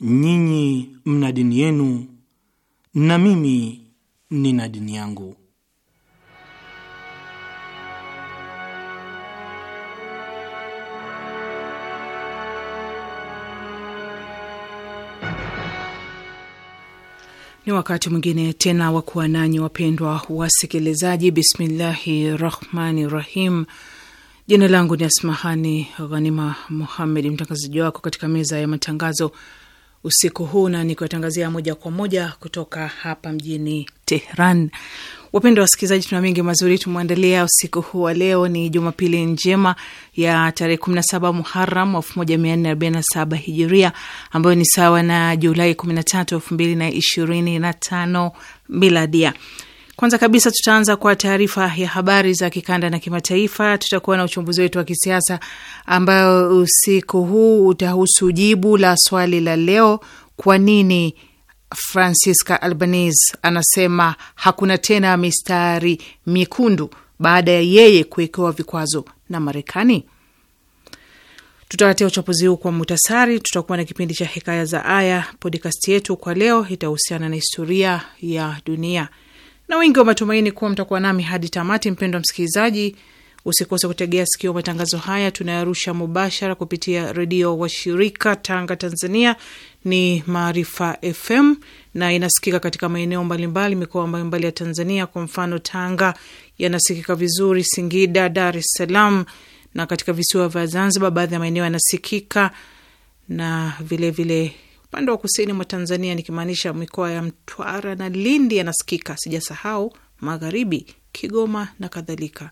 nyinyi mna dini yenu na mimi nina dini yangu. Ni wakati mwingine tena wa kuwa nanyi wapendwa wasikilizaji. Bismillahi rahmani rahim. Jina langu ni Asmahani Ghanima Muhammed, mtangazaji wako katika meza ya matangazo usiku huu na nikiwatangazia moja kwa moja kutoka hapa mjini Tehran. Wapendwa wasikilizaji, tuna mengi mazuri tumeandalia usiku huu wa leo. Ni Jumapili njema ya tarehe kumi na saba Muharam elfu moja mia nne saba Hijiria, ambayo ni sawa na Julai kumi na na tatu ishirini na tano Miladia. Kwanza kabisa tutaanza kwa taarifa ya habari za kikanda na kimataifa. Tutakuwa na uchambuzi wetu wa kisiasa ambayo usiku huu utahusu jibu la swali la leo, kwa nini Francisca Albanese anasema hakuna tena mistari miekundu baada ya yeye kuwekewa vikwazo na Marekani. Tutawatia uchambuzi huu kwa mutasari Tutakuwa na kipindi cha hekaya za aya. Podcast yetu kwa leo itahusiana na historia ya dunia na wingi wa matumaini kuwa mtakuwa nami hadi tamati. Mpendwa msikilizaji, usikose kutegea sikio matangazo haya tunayarusha mubashara kupitia redio washirika Tanga, Tanzania ni Maarifa FM na inasikika katika maeneo mbalimbali, mikoa mbalimbali ya Tanzania. Kwa mfano, Tanga yanasikika vizuri, Singida, Dar es Salaam na katika visiwa vya Zanzibar baadhi ya maeneo yanasikika na vilevile vile upande wa kusini mwa Tanzania, nikimaanisha mikoa ya Mtwara na Lindi yanasikika, sijasahau magharibi, Kigoma na kadhalika.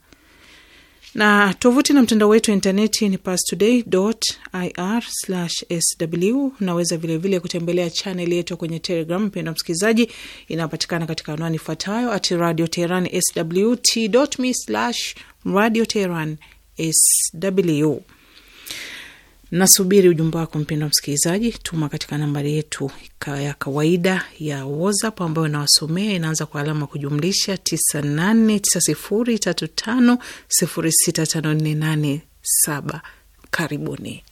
Na tovuti na mtandao wetu wa intaneti ni pastoday.ir/sw. Unaweza vilevile kutembelea chaneli yetu kwenye Telegram. Mpendwa msikilizaji, inapatikana katika anwani ifuatayo at radio teheran sw t.me/radio teheran sw Nasubiri ujumbe wako mpendwa msikilizaji, tuma katika nambari yetu ya kawaida ya WhatsApp ambayo inawasomea inaanza kwa alama kujumlisha 989035065487. Karibuni.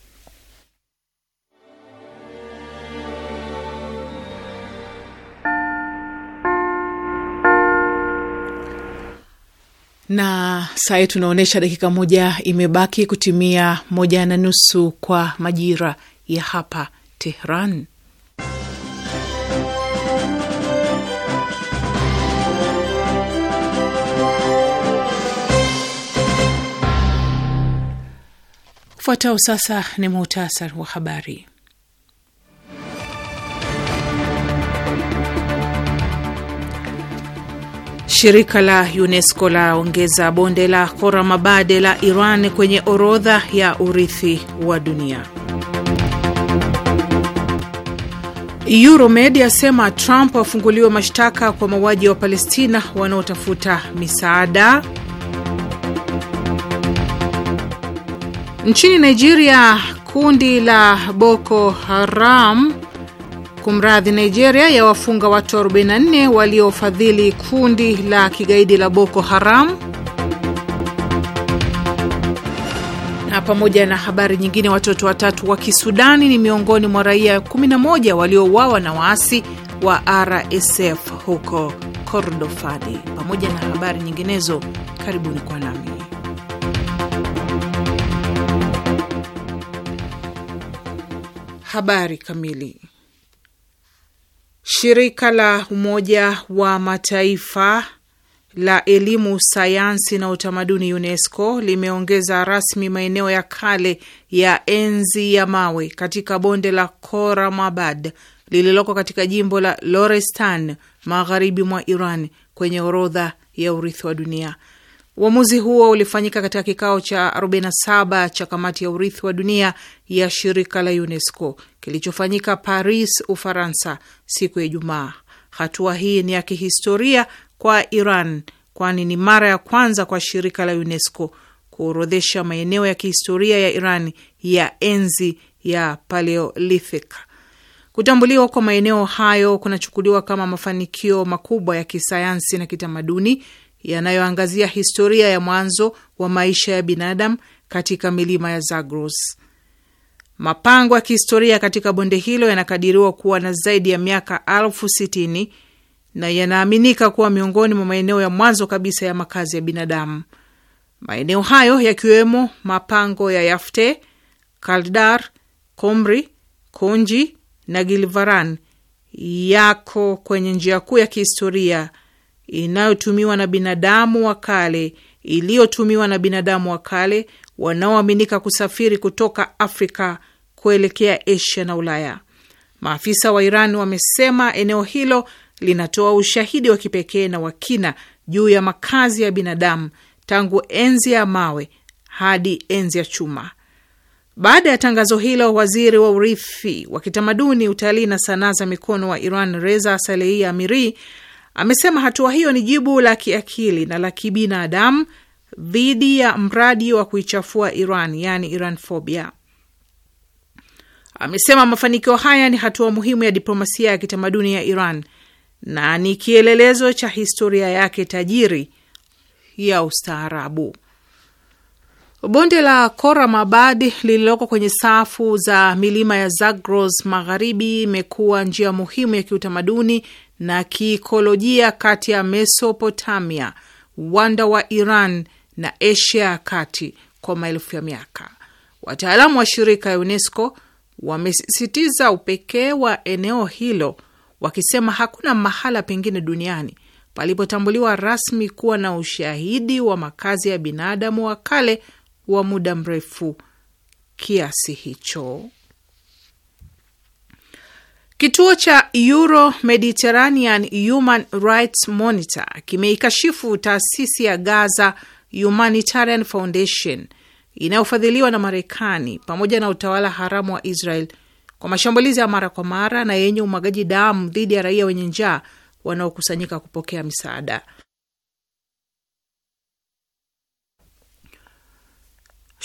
na saa yetu inaonyesha dakika moja imebaki kutimia moja na nusu kwa majira ya hapa Tehran. Ufuatao sasa ni muhtasari wa habari. Shirika la UNESCO laongeza bonde la Khoramabade la Iran kwenye orodha ya urithi wa dunia. Euromed yasema Trump afunguliwe mashtaka kwa mauaji ya Wapalestina wanaotafuta misaada. Nchini Nigeria, kundi la Boko Haram Kumradhi, Nigeria ya wafunga watu 44 waliofadhili kundi la kigaidi la Boko Haram. Na pamoja na habari nyingine, watoto watatu wa Kisudani ni miongoni mwa raia 11 waliouawa na waasi wa RSF huko Kordofani, pamoja na habari nyinginezo. Karibuni kwa nami habari kamili. Shirika la Umoja wa Mataifa la elimu, sayansi na utamaduni UNESCO limeongeza rasmi maeneo ya kale ya enzi ya mawe katika bonde la koramabad lililoko katika jimbo la Lorestan magharibi mwa Iran kwenye orodha ya urithi wa dunia. Uamuzi huo ulifanyika katika kikao cha 47 cha kamati ya urithi wa dunia ya shirika la UNESCO kilichofanyika Paris, Ufaransa, siku ya Ijumaa. Hatua hii ni ya kihistoria kwa Iran, kwani ni mara ya kwanza kwa shirika la UNESCO kuorodhesha maeneo ya kihistoria ya Iran ya enzi ya Paleolithic. Kutambuliwa kwa maeneo hayo kunachukuliwa kama mafanikio makubwa ya kisayansi na kitamaduni yanayoangazia historia ya mwanzo wa maisha ya binadamu katika milima ya Zagros. Mapango ya kihistoria katika bonde hilo yanakadiriwa kuwa na zaidi ya miaka elfu sitini na yanaaminika kuwa miongoni mwa maeneo ya mwanzo kabisa ya makazi ya binadamu. Maeneo hayo yakiwemo mapango ya Yafte, Kaldar, Komri, Konji na Gilvaran yako kwenye njia kuu ya kihistoria inayotumiwa na binadamu wa kale iliyotumiwa na binadamu wa kale wanaoaminika kusafiri kutoka Afrika kuelekea Asia na Ulaya. Maafisa wa Iran wamesema eneo hilo linatoa ushahidi wa kipekee na wakina juu ya makazi ya binadamu tangu enzi ya mawe hadi enzi ya chuma. Baada ya tangazo hilo, waziri wa urithi wa kitamaduni, utalii na sanaa za mikono wa Iran Reza Salehi Amiri Amesema hatua hiyo ni jibu la kiakili na la kibinadamu dhidi ya mradi wa kuichafua Iran, yani Iranphobia. Amesema mafanikio haya ni hatua muhimu ya diplomasia ya kitamaduni ya Iran na ni kielelezo cha historia yake tajiri ya ustaarabu. Bonde la Koramabad lililoko kwenye safu za milima ya Zagros magharibi imekuwa njia muhimu ya kiutamaduni na kiikolojia kati ya Mesopotamia, uwanda wa Iran na Asia ya kati kwa maelfu ya miaka. Wataalamu wa shirika ya UNESCO wamesisitiza upekee wa eneo hilo, wakisema hakuna mahala pengine duniani palipotambuliwa rasmi kuwa na ushahidi wa makazi ya binadamu wa kale wa muda mrefu kiasi hicho. Kituo cha Euro Mediterranean Human Rights Monitor kimeikashifu taasisi ya Gaza Humanitarian Foundation inayofadhiliwa na Marekani pamoja na utawala haramu wa Israel kwa mashambulizi ya mara kwa mara na yenye umwagaji damu dhidi ya raia wenye njaa wanaokusanyika kupokea misaada.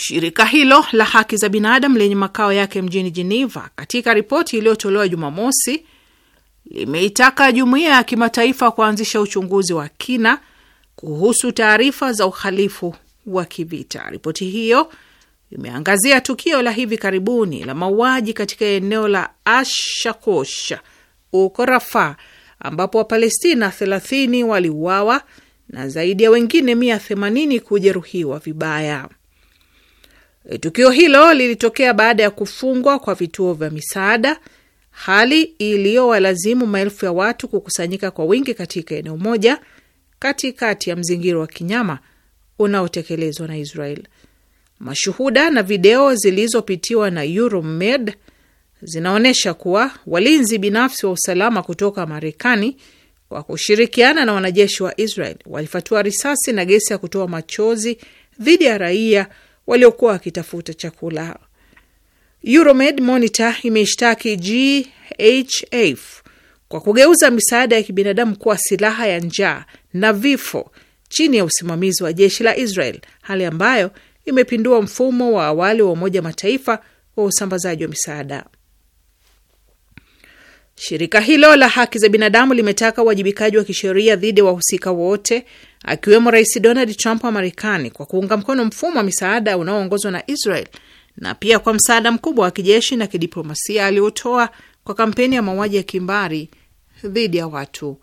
Shirika hilo la haki za binadamu lenye makao yake mjini Geneva, katika ripoti iliyotolewa Jumamosi, limeitaka jumuiya ya kimataifa kuanzisha uchunguzi wa kina kuhusu taarifa za uhalifu wa kivita. Ripoti hiyo imeangazia tukio la hivi karibuni la mauaji katika eneo la Ashakosh huko Rafa, ambapo Wapalestina 30 waliuawa na zaidi ya wengine 180 kujeruhiwa vibaya. E, tukio hilo lilitokea baada ya kufungwa kwa vituo vya misaada, hali iliyowalazimu maelfu ya watu kukusanyika kwa wingi katika eneo moja katikati ya mzingiro wa kinyama unaotekelezwa na Israel. Mashuhuda na video zilizopitiwa na Euromed zinaonyesha kuwa walinzi binafsi wa usalama kutoka Marekani kwa kushirikiana na wanajeshi wa Israel walifatua risasi na gesi ya kutoa machozi dhidi ya raia waliokuwa wakitafuta chakula. Euromed Monitor imeshtaki GHF kwa kugeuza misaada ya kibinadamu kuwa silaha ya njaa na vifo chini ya usimamizi wa jeshi la Israel, hali ambayo imepindua mfumo wa awali wa Umoja Mataifa wa usambazaji wa misaada. Shirika hilo la haki za binadamu limetaka uwajibikaji wa kisheria dhidi ya wahusika wote akiwemo Rais Donald Trump wa Marekani kwa kuunga mkono mfumo wa misaada unaoongozwa na Israel na pia kwa msaada mkubwa wa kijeshi na kidiplomasia aliotoa kwa kampeni ya mauaji ya kimbari dhidi ya watu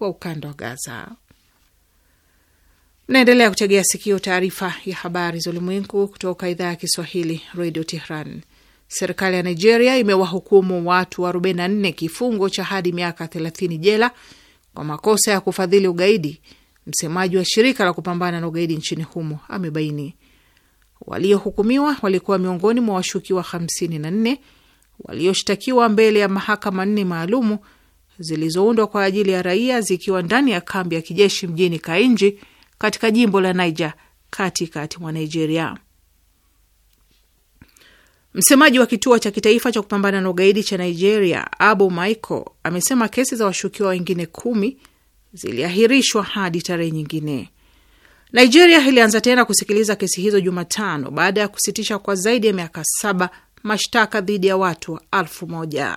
wa ukanda wa Gaza. Naendelea kutegea sikio taarifa ya habari za ulimwengu kutoka idhaa ya Kiswahili, Radio Tehran. Serikali ya Nigeria imewahukumu watu 44 kifungo cha hadi miaka 30 jela kwa makosa ya kufadhili ugaidi. Msemaji wa shirika la kupambana na ugaidi nchini humo amebaini waliohukumiwa walikuwa miongoni mwa washukiwa 54 walioshtakiwa mbele ya mahakama nne maalumu zilizoundwa kwa ajili ya raia zikiwa ndani ya kambi ya kijeshi mjini Kainji katika jimbo la Niger katikati mwa Nigeria. Msemaji wa kituo cha kitaifa cha kupambana na ugaidi cha Nigeria, Abu Michael, amesema kesi za washukiwa wengine kumi ziliahirishwa hadi tarehe nyingine. Nigeria ilianza tena kusikiliza kesi hizo Jumatano baada ya kusitisha kwa zaidi ya miaka saba mashtaka dhidi ya watu elfu moja.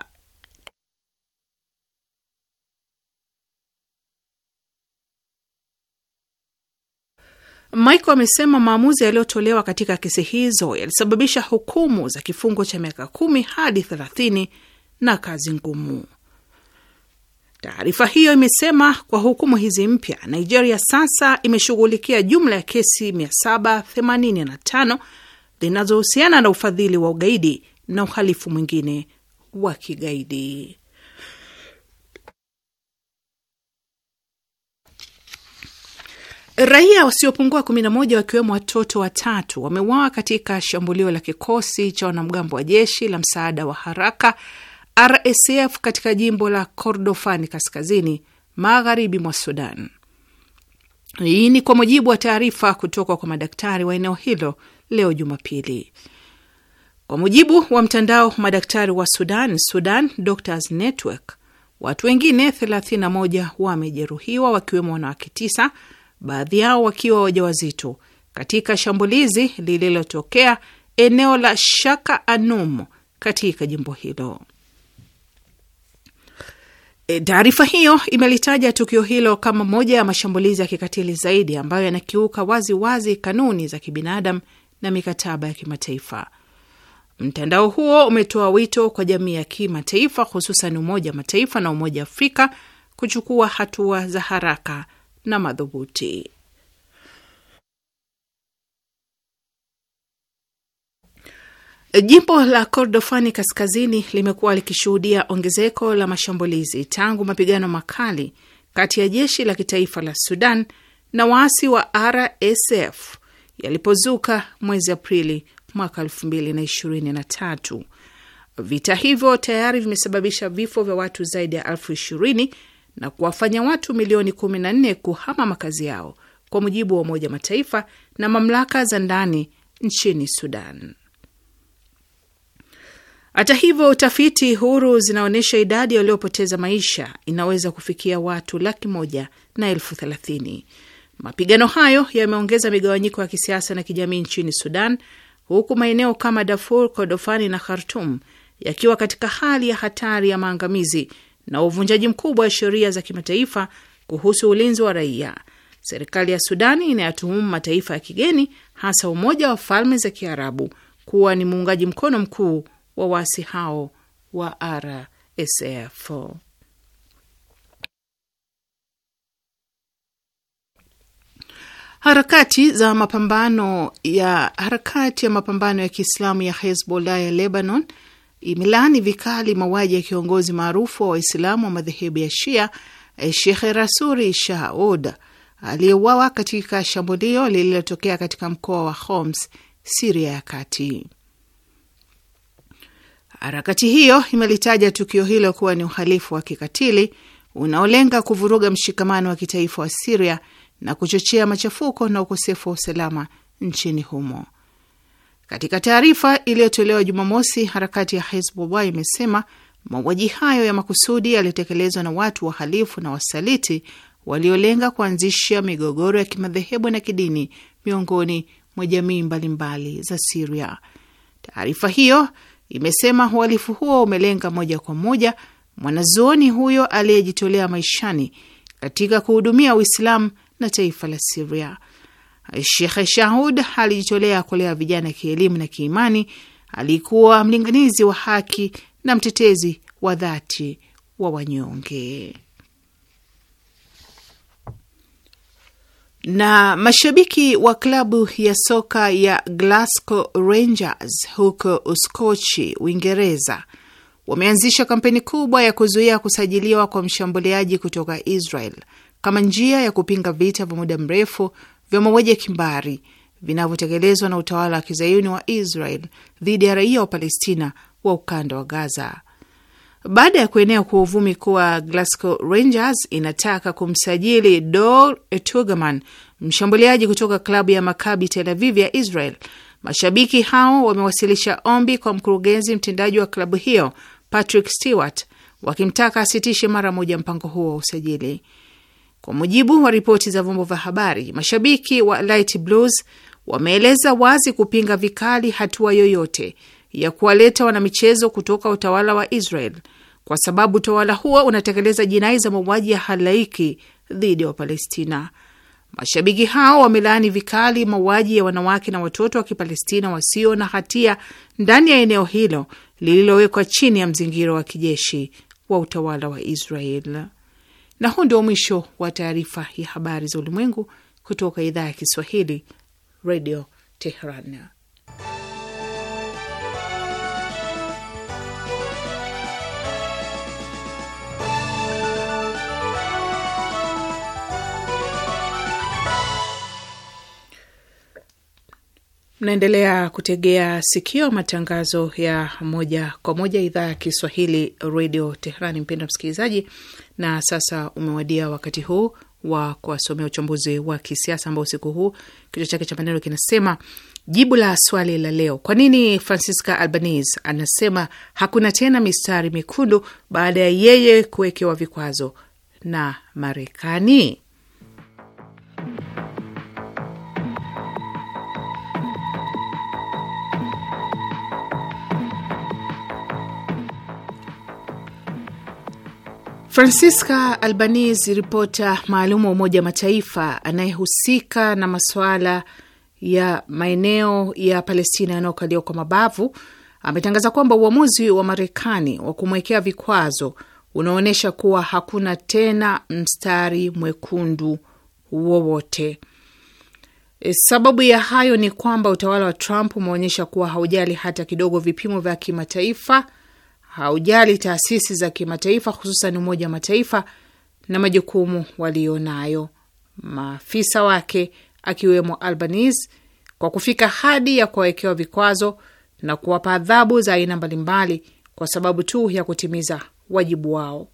Michael amesema maamuzi yaliyotolewa katika kesi hizo yalisababisha hukumu za kifungo cha miaka kumi hadi thelathini na kazi ngumu. Taarifa hiyo imesema kwa hukumu hizi mpya, Nigeria sasa imeshughulikia jumla ya kesi 785 zinazohusiana na ufadhili wa ugaidi na uhalifu mwingine wa kigaidi. Raia wasiopungua 11 wakiwemo watoto watatu wameuawa katika shambulio la kikosi cha wanamgambo wa jeshi la msaada wa haraka RSF katika jimbo la Kordofani kaskazini magharibi mwa Sudan. Hii ni kwa mujibu wa taarifa kutoka kwa madaktari wa eneo hilo leo Jumapili. Kwa mujibu wa mtandao madaktari wa Sudan, Sudan Doctors Network, watu wengine 31 wamejeruhiwa wakiwemo wanawake tisa baadhi yao wakiwa wajawazito, katika shambulizi lililotokea eneo la Shaka Anum katika jimbo hilo. E, taarifa hiyo imelitaja tukio hilo kama moja ya mashambulizi ya kikatili zaidi ambayo yanakiuka wazi wazi kanuni za kibinadamu na mikataba ya kimataifa. Mtandao huo umetoa wito kwa jamii ya kimataifa, hususan Umoja wa Mataifa na Umoja wa Afrika kuchukua hatua za haraka na madhubuti. Jimbo la Kordofani kaskazini limekuwa likishuhudia ongezeko la mashambulizi tangu mapigano makali kati ya jeshi la kitaifa la Sudan na waasi wa RSF yalipozuka mwezi Aprili mwaka 2023. Vita hivyo tayari vimesababisha vifo vya watu zaidi ya elfu ishirini na kuwafanya watu milioni 14 kuhama makazi yao kwa mujibu wa Umoja Mataifa na mamlaka za ndani nchini Sudan. Hata hivyo, tafiti huru zinaonyesha idadi waliopoteza maisha inaweza kufikia watu laki moja na elfu thelathini. Mapigano hayo yameongeza migawanyiko ya kisiasa na kijamii nchini Sudan, huku maeneo kama Darfur, Kordofani na Khartum yakiwa katika hali ya hatari ya maangamizi na uvunjaji mkubwa wa sheria za kimataifa kuhusu ulinzi wa raia. Serikali ya Sudani inayatuhumu mataifa ya kigeni, hasa Umoja wa Falme za Kiarabu, kuwa ni muungaji mkono mkuu wa waasi hao wa RSF. Harakati za mapambano ya harakati ya mapambano ya Kiislamu ya Hezbollah ya Lebanon imelaani vikali mauaji ya kiongozi maarufu wa Waislamu wa madhehebu ya Shia eh, Shekhe Rasuri Shahud aliyeuawa katika shambulio lililotokea katika mkoa wa Homs, Siria ya kati. Harakati hiyo imelitaja tukio hilo kuwa ni uhalifu wa kikatili unaolenga kuvuruga mshikamano wa kitaifa wa Siria na kuchochea machafuko na ukosefu wa usalama nchini humo. Katika taarifa iliyotolewa Jumamosi, harakati ya Hezbollah imesema mauaji hayo ya makusudi yalitekelezwa na watu wahalifu na wasaliti waliolenga kuanzisha migogoro ya kimadhehebu na kidini miongoni mwa jamii mbalimbali za Siria. Taarifa hiyo imesema uhalifu huo umelenga moja kwa moja mwanazuoni huyo aliyejitolea maishani katika kuhudumia Uislamu na taifa la Siria. Shekhe Shahud alijitolea kulea vijana kielimu na kiimani. Alikuwa mlinganizi wa haki na mtetezi wa dhati wa wanyonge. Na mashabiki wa klabu ya soka ya Glasgow Rangers huko Uskochi, Uingereza wameanzisha kampeni kubwa ya kuzuia kusajiliwa kwa mshambuliaji kutoka Israel kama njia ya kupinga vita vya muda mrefu vya mauaji ya kimbari vinavyotekelezwa na utawala wa kizayuni wa Israel dhidi ya raia wa Palestina wa ukanda wa Gaza. Baada ya kuenea kwa uvumi kuwa Glasgow Rangers inataka kumsajili Dor tugeman mshambuliaji kutoka klabu ya Makabi Tel Aviv ya Israel, mashabiki hao wamewasilisha ombi kwa mkurugenzi mtendaji wa klabu hiyo Patrick Stewart wakimtaka asitishe mara moja mpango huo wa usajili. Kwa mujibu wa ripoti za vyombo vya habari, mashabiki wa Light Blues wameeleza wazi kupinga vikali hatua yoyote ya kuwaleta wanamichezo kutoka utawala wa Israel kwa sababu utawala huo unatekeleza jinai za mauaji ya halaiki dhidi ya Wapalestina. Mashabiki hao wamelaani vikali mauaji ya wanawake na watoto wa Kipalestina wasio na hatia ndani ya eneo hilo lililowekwa chini ya mzingiro wa kijeshi wa utawala wa Israel. Na huu ndio mwisho wa taarifa ya habari za ulimwengu kutoka idhaa ya Kiswahili, Radio Tehran. Mnaendelea kutegea sikio matangazo ya moja kwa moja idhaa ya Kiswahili, Radio tehrani Mpendwa msikilizaji, na sasa umewadia wakati huu wa kuwasomea uchambuzi wa kisiasa ambao usiku huu kichwa chake cha maneno kinasema jibu la swali la leo, kwa nini Francisca Albanese anasema hakuna tena mistari mekundu baada ya yeye kuwekewa vikwazo na Marekani. Francisca Albanese, ripota maalum wa Umoja wa Mataifa anayehusika na masuala ya maeneo ya Palestina yanayokaliwa kwa mabavu, ametangaza kwamba uamuzi wa Marekani wa kumwekea vikwazo unaonyesha kuwa hakuna tena mstari mwekundu wowote. E, sababu ya hayo ni kwamba utawala wa Trump umeonyesha kuwa haujali hata kidogo vipimo vya kimataifa haujali taasisi za kimataifa hususan Umoja wa Mataifa na majukumu walionayo. Maafisa wake akiwemo Albanese kwa kufika hadi ya kuwawekewa vikwazo na kuwapa adhabu za aina mbalimbali kwa sababu tu ya kutimiza wajibu wao.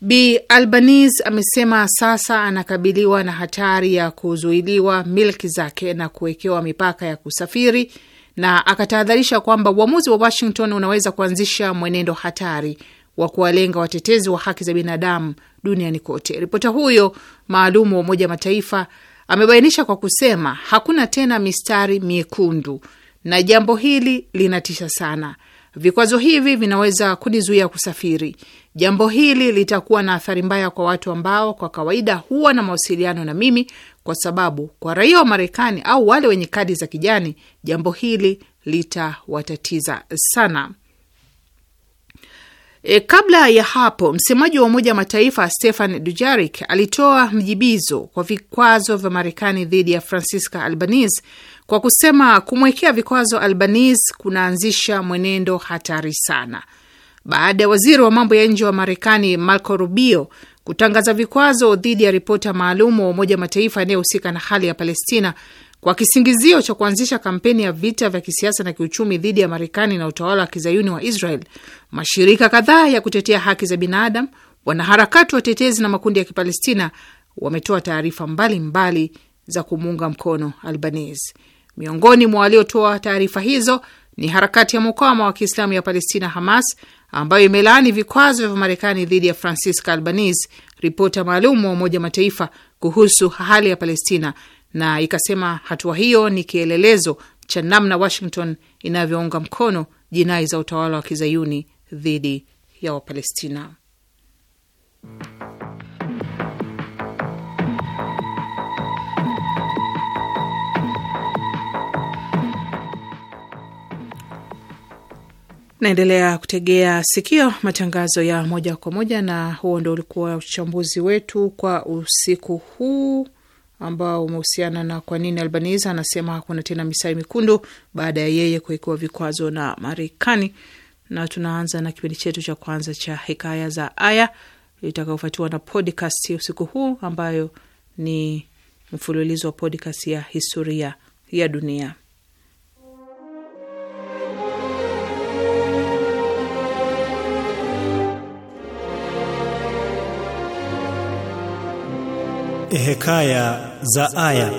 B Albanese amesema sasa anakabiliwa na hatari ya kuzuiliwa milki zake na kuwekewa mipaka ya kusafiri na akatahadharisha kwamba uamuzi wa Washington unaweza kuanzisha mwenendo hatari wa kuwalenga watetezi wa haki za binadamu duniani kote. Ripota huyo maalumu wa Umoja Mataifa amebainisha kwa kusema, hakuna tena mistari miekundu na jambo hili linatisha sana. Vikwazo hivi vinaweza kunizuia kusafiri. Jambo hili litakuwa na athari mbaya kwa watu ambao kwa kawaida huwa na mawasiliano na mimi kwa sababu kwa raia wa Marekani au wale wenye kadi za kijani jambo hili litawatatiza sana. E, kabla ya hapo msemaji wa Umoja wa Mataifa Stefan Dujarik alitoa mjibizo kwa vikwazo vya Marekani dhidi ya Francisca Albanese kwa kusema kumwekea vikwazo Albanese kunaanzisha mwenendo hatari sana, baada ya waziri wa mambo ya nje wa Marekani Marco Rubio kutangaza vikwazo dhidi ya ripota maalumu wa Umoja wa Mataifa anayehusika na hali ya Palestina kwa kisingizio cha kuanzisha kampeni ya vita vya kisiasa na kiuchumi dhidi ya Marekani na utawala wa kizayuni wa Israel, mashirika kadhaa ya kutetea haki za binadamu, wanaharakati watetezi na makundi ya Kipalestina wametoa taarifa mbalimbali za kumuunga mkono Albanese. Miongoni mwa waliotoa taarifa hizo ni harakati ya mukawama wa Kiislamu ya Palestina, Hamas, ambayo imelaani vikwazo vya Marekani dhidi ya Francisca Albanese, ripota maalum wa Umoja Mataifa kuhusu hali ya Palestina, na ikasema hatua hiyo ni kielelezo cha namna Washington inavyounga mkono jinai za utawala wa kizayuni dhidi ya Wapalestina. Naendelea kutegea sikio matangazo ya moja kwa moja, na huo ndo ulikuwa uchambuzi wetu kwa usiku huu ambao umehusiana na kwa nini Albanese anasema hakuna tena misai mikundu baada ya yeye kuwekewa vikwazo na Marekani. Na tunaanza na kipindi chetu cha kwanza cha Hikaya za Aya itakayofuatiwa na podcast usiku huu ambayo ni mfululizo wa podcast ya historia ya dunia. Eh, hekaya za Aya.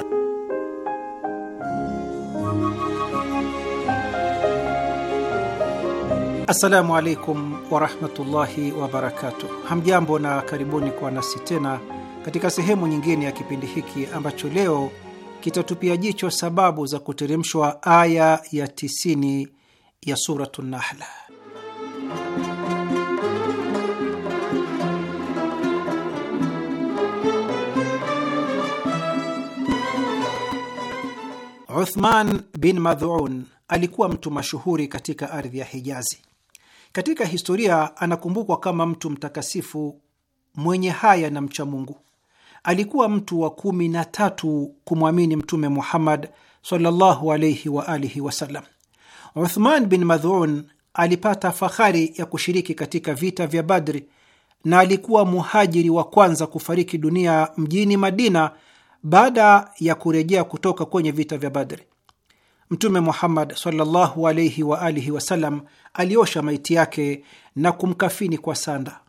Assalamu alaikum warahmatullahi wabarakatuh. Hamjambo na karibuni kwa nasi tena katika sehemu nyingine ya kipindi hiki ambacho leo kitatupia jicho sababu za kuteremshwa aya ya 90 ya Suratu Nahla. Uthman bin Madhun alikuwa mtu mashuhuri katika ardhi ya Hijazi. Katika historia anakumbukwa kama mtu mtakasifu mwenye haya na mcha Mungu. Alikuwa mtu wa kumi na tatu kumwamini Mtume Muhammad sallallahu alayhi wa alihi wasallam. Uthman bin Madhun alipata fahari ya kushiriki katika vita vya Badri na alikuwa muhajiri wa kwanza kufariki dunia mjini Madina baada ya kurejea kutoka kwenye vita vya Badri. Mtume Muhammad sallallahu alaihi wa alihi wasallam aliosha maiti yake na kumkafini kwa sanda,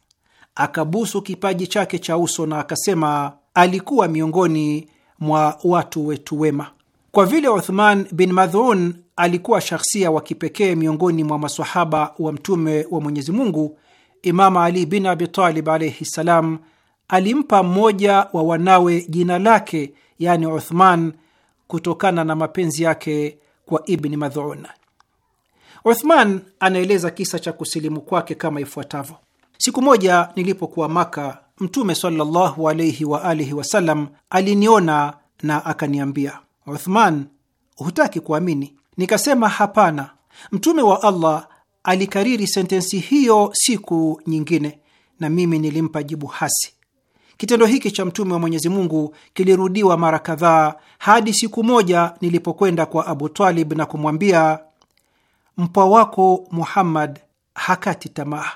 akabusu kipaji chake cha uso na akasema, alikuwa miongoni mwa watu wetu wema. Kwa vile Uthman bin Madhun alikuwa shakhsia wa kipekee miongoni mwa masahaba wa Mtume wa Mwenyezi Mungu, Imama Ali bin Abi Talib alaihi ssalam alimpa mmoja wa wanawe jina lake, yani Uthman, kutokana na mapenzi yake kwa Ibni Madhun. Uthman anaeleza kisa cha kusilimu kwake kama ifuatavyo: siku moja nilipokuwa Maka, Mtume sallallahu alaihi wa alihi wasallam aliniona na akaniambia, Uthman, hutaki kuamini? Nikasema, hapana. Mtume wa Allah alikariri sentensi hiyo siku nyingine, na mimi nilimpa jibu hasi. Kitendo hiki cha mtume wa Mwenyezi Mungu kilirudiwa mara kadhaa, hadi siku moja nilipokwenda kwa Abu Talib na kumwambia, mpwa wako Muhammad hakati tamaa,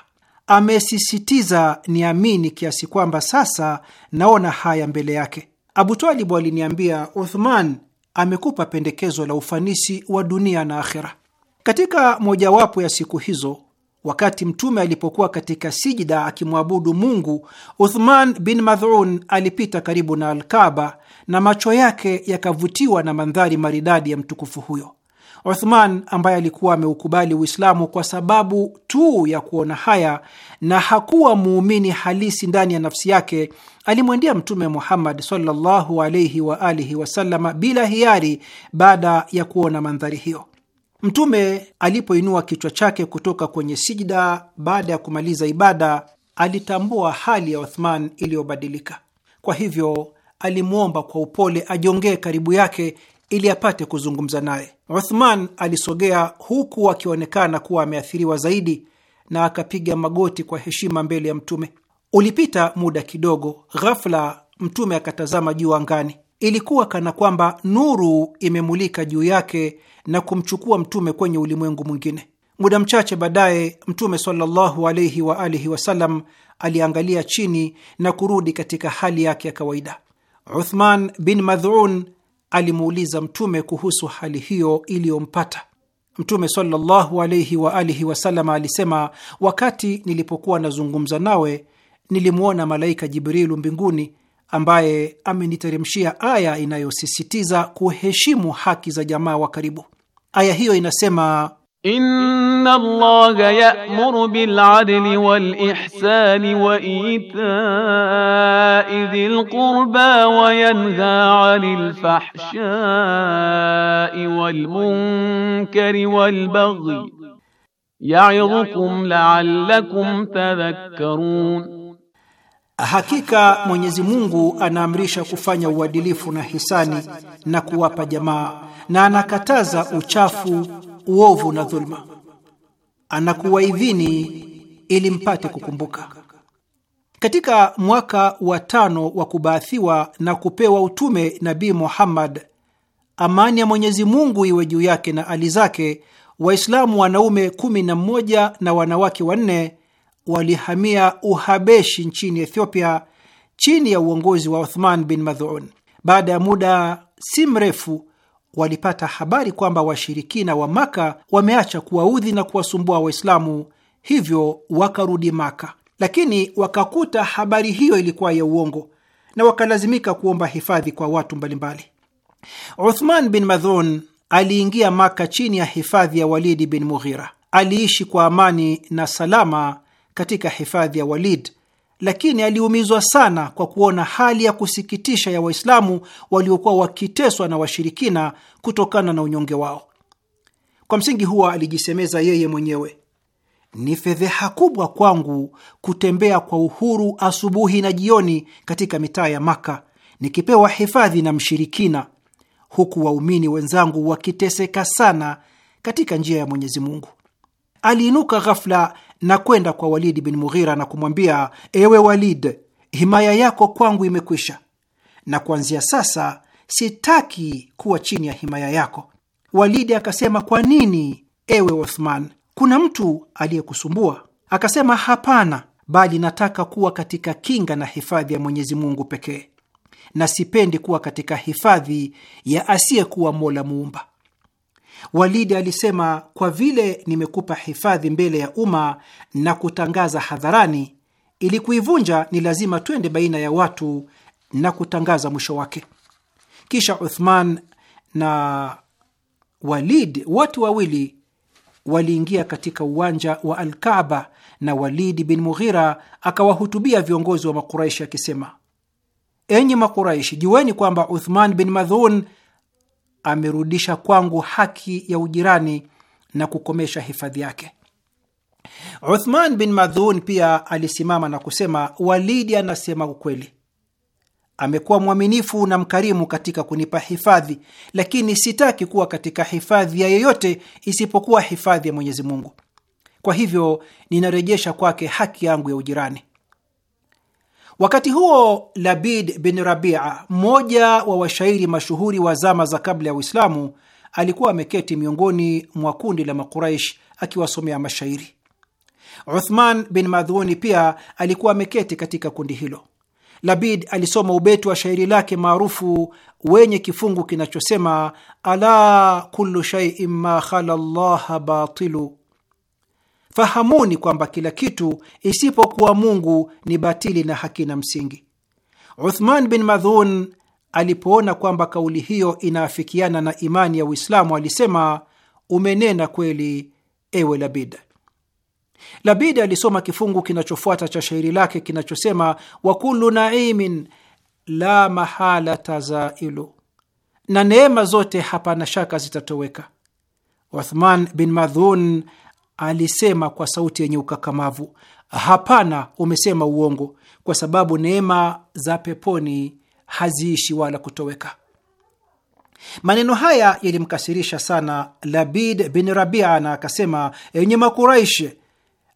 amesisitiza niamini kiasi kwamba sasa naona haya mbele yake. Abu Talib aliniambia, Uthman amekupa pendekezo la ufanisi wa dunia na akhera. Katika mojawapo ya siku hizo Wakati Mtume alipokuwa katika sijida akimwabudu Mungu, Uthman bin Madhun alipita karibu na Alkaba na macho yake yakavutiwa na mandhari maridadi ya mtukufu huyo. Uthman ambaye alikuwa ameukubali Uislamu kwa sababu tu ya kuona haya na hakuwa muumini halisi ndani ya nafsi yake, alimwendea Mtume Muhammad sallallahu alaihi wa alihi wasalama bila hiari baada ya kuona mandhari hiyo. Mtume alipoinua kichwa chake kutoka kwenye sijida baada ya kumaliza ibada, alitambua hali ya Uthman iliyobadilika. Kwa hivyo alimwomba kwa upole ajongee karibu yake ili apate kuzungumza naye. Uthman alisogea huku akionekana kuwa ameathiriwa zaidi, na akapiga magoti kwa heshima mbele ya Mtume. Ulipita muda kidogo, ghafla Mtume akatazama juu angani. Ilikuwa kana kwamba nuru imemulika juu yake na kumchukua mtume kwenye ulimwengu mwingine. Muda mchache baadaye Mtume sallallahu alaihi wa alihi wasallam aliangalia chini na kurudi katika hali yake ya kawaida. Uthman bin Madhun alimuuliza Mtume kuhusu hali hiyo iliyompata. Mtume sallallahu alaihi wa alihi wasallam alisema, wakati nilipokuwa nazungumza nawe nilimwona malaika Jibrilu mbinguni ambaye ameniteremshia aya inayosisitiza kuheshimu haki za jamaa wa karibu. Aya hiyo inasema Inna Allaha ya'muru bil adli wal ihsani wa ita'i dhil qurba wa yanha 'anil fahsha'i wal munkari wal baghi ya'idhukum la'allakum tadhakkarun Hakika Mwenyezi Mungu anaamrisha kufanya uadilifu na hisani na kuwapa jamaa, na anakataza uchafu, uovu na dhulma. Anakuwaidhini ili mpate kukumbuka. Katika mwaka wa tano wa kubaathiwa na kupewa utume Nabii Muhammad, amani ya Mwenyezi Mungu iwe juu yake na ali zake, Waislamu wanaume kumi na mmoja na wanawake wanne walihamia Uhabeshi nchini Ethiopia chini ya uongozi wa Uthman bin Madhuun. Baada ya muda si mrefu walipata habari kwamba washirikina wa Maka wameacha kuwaudhi na kuwasumbua Waislamu, hivyo wakarudi Maka, lakini wakakuta habari hiyo ilikuwa ya uongo na wakalazimika kuomba hifadhi kwa watu mbalimbali. Uthman bin Madhun aliingia Maka chini ya hifadhi ya Walidi bin Mughira. Aliishi kwa amani na salama katika hifadhi ya Walid, lakini aliumizwa sana kwa kuona hali ya kusikitisha ya Waislamu waliokuwa wakiteswa na washirikina kutokana na unyonge wao. Kwa msingi huo, alijisemeza yeye mwenyewe, ni fedheha kubwa kwangu kutembea kwa uhuru asubuhi na jioni katika mitaa ya Maka nikipewa hifadhi na mshirikina, huku waumini wenzangu wakiteseka sana katika njia ya Mwenyezi Mungu. Aliinuka ghafla na kwenda kwa Walidi bin Mughira na kumwambia, ewe Walid, himaya yako kwangu imekwisha, na kuanzia sasa sitaki kuwa chini ya himaya yako. Walidi akasema, kwa nini ewe Uthman? Kuna mtu aliyekusumbua? Akasema, hapana, bali nataka kuwa katika kinga na hifadhi ya Mwenyezi Mungu pekee, na sipendi kuwa katika hifadhi ya asiyekuwa Mola Muumba. Walidi alisema, kwa vile nimekupa hifadhi mbele ya umma na kutangaza hadharani, ili kuivunja ni lazima twende baina ya watu na kutangaza mwisho wake. Kisha Uthman na Walid wote wawili waliingia katika uwanja wa Alkaaba na Walidi bin Mughira akawahutubia viongozi wa Makuraishi akisema, enyi Makuraishi, jueni kwamba Uthman bin Madhun amerudisha kwangu haki ya ujirani na kukomesha hifadhi yake. Uthman bin Madhun pia alisimama na kusema, Walidi anasema ukweli, amekuwa mwaminifu na mkarimu katika kunipa hifadhi, lakini sitaki kuwa katika hifadhi ya yeyote isipokuwa hifadhi ya Mwenyezi Mungu. Kwa hivyo ninarejesha kwake haki yangu ya ujirani. Wakati huo Labid bin Rabia, mmoja wa washairi mashuhuri wa zama za kabla ya Uislamu, alikuwa ameketi miongoni mwa kundi la Makuraish akiwasomea mashairi. Uthman bin Madhuni pia alikuwa ameketi katika kundi hilo. Labid alisoma ubeti wa shairi lake maarufu wenye kifungu kinachosema ala kullu shaiin ma khala llaha batilu Fahamuni kwamba kila kitu isipokuwa Mungu ni batili na hakina msingi. Uthman bin Madhun alipoona kwamba kauli hiyo inaafikiana na imani ya Uislamu alisema, umenena kweli, ewe Labid. Labida alisoma kifungu kinachofuata cha shairi lake kinachosema, wakulu naimin la mahala tazailu, na neema zote hapana shaka zitatoweka. Uthman bin Madhun alisema kwa sauti yenye ukakamavu, hapana, umesema uongo, kwa sababu neema za peponi haziishi wala kutoweka. Maneno haya yalimkasirisha sana Labid bin Rabia, na akasema, enye Makuraishi,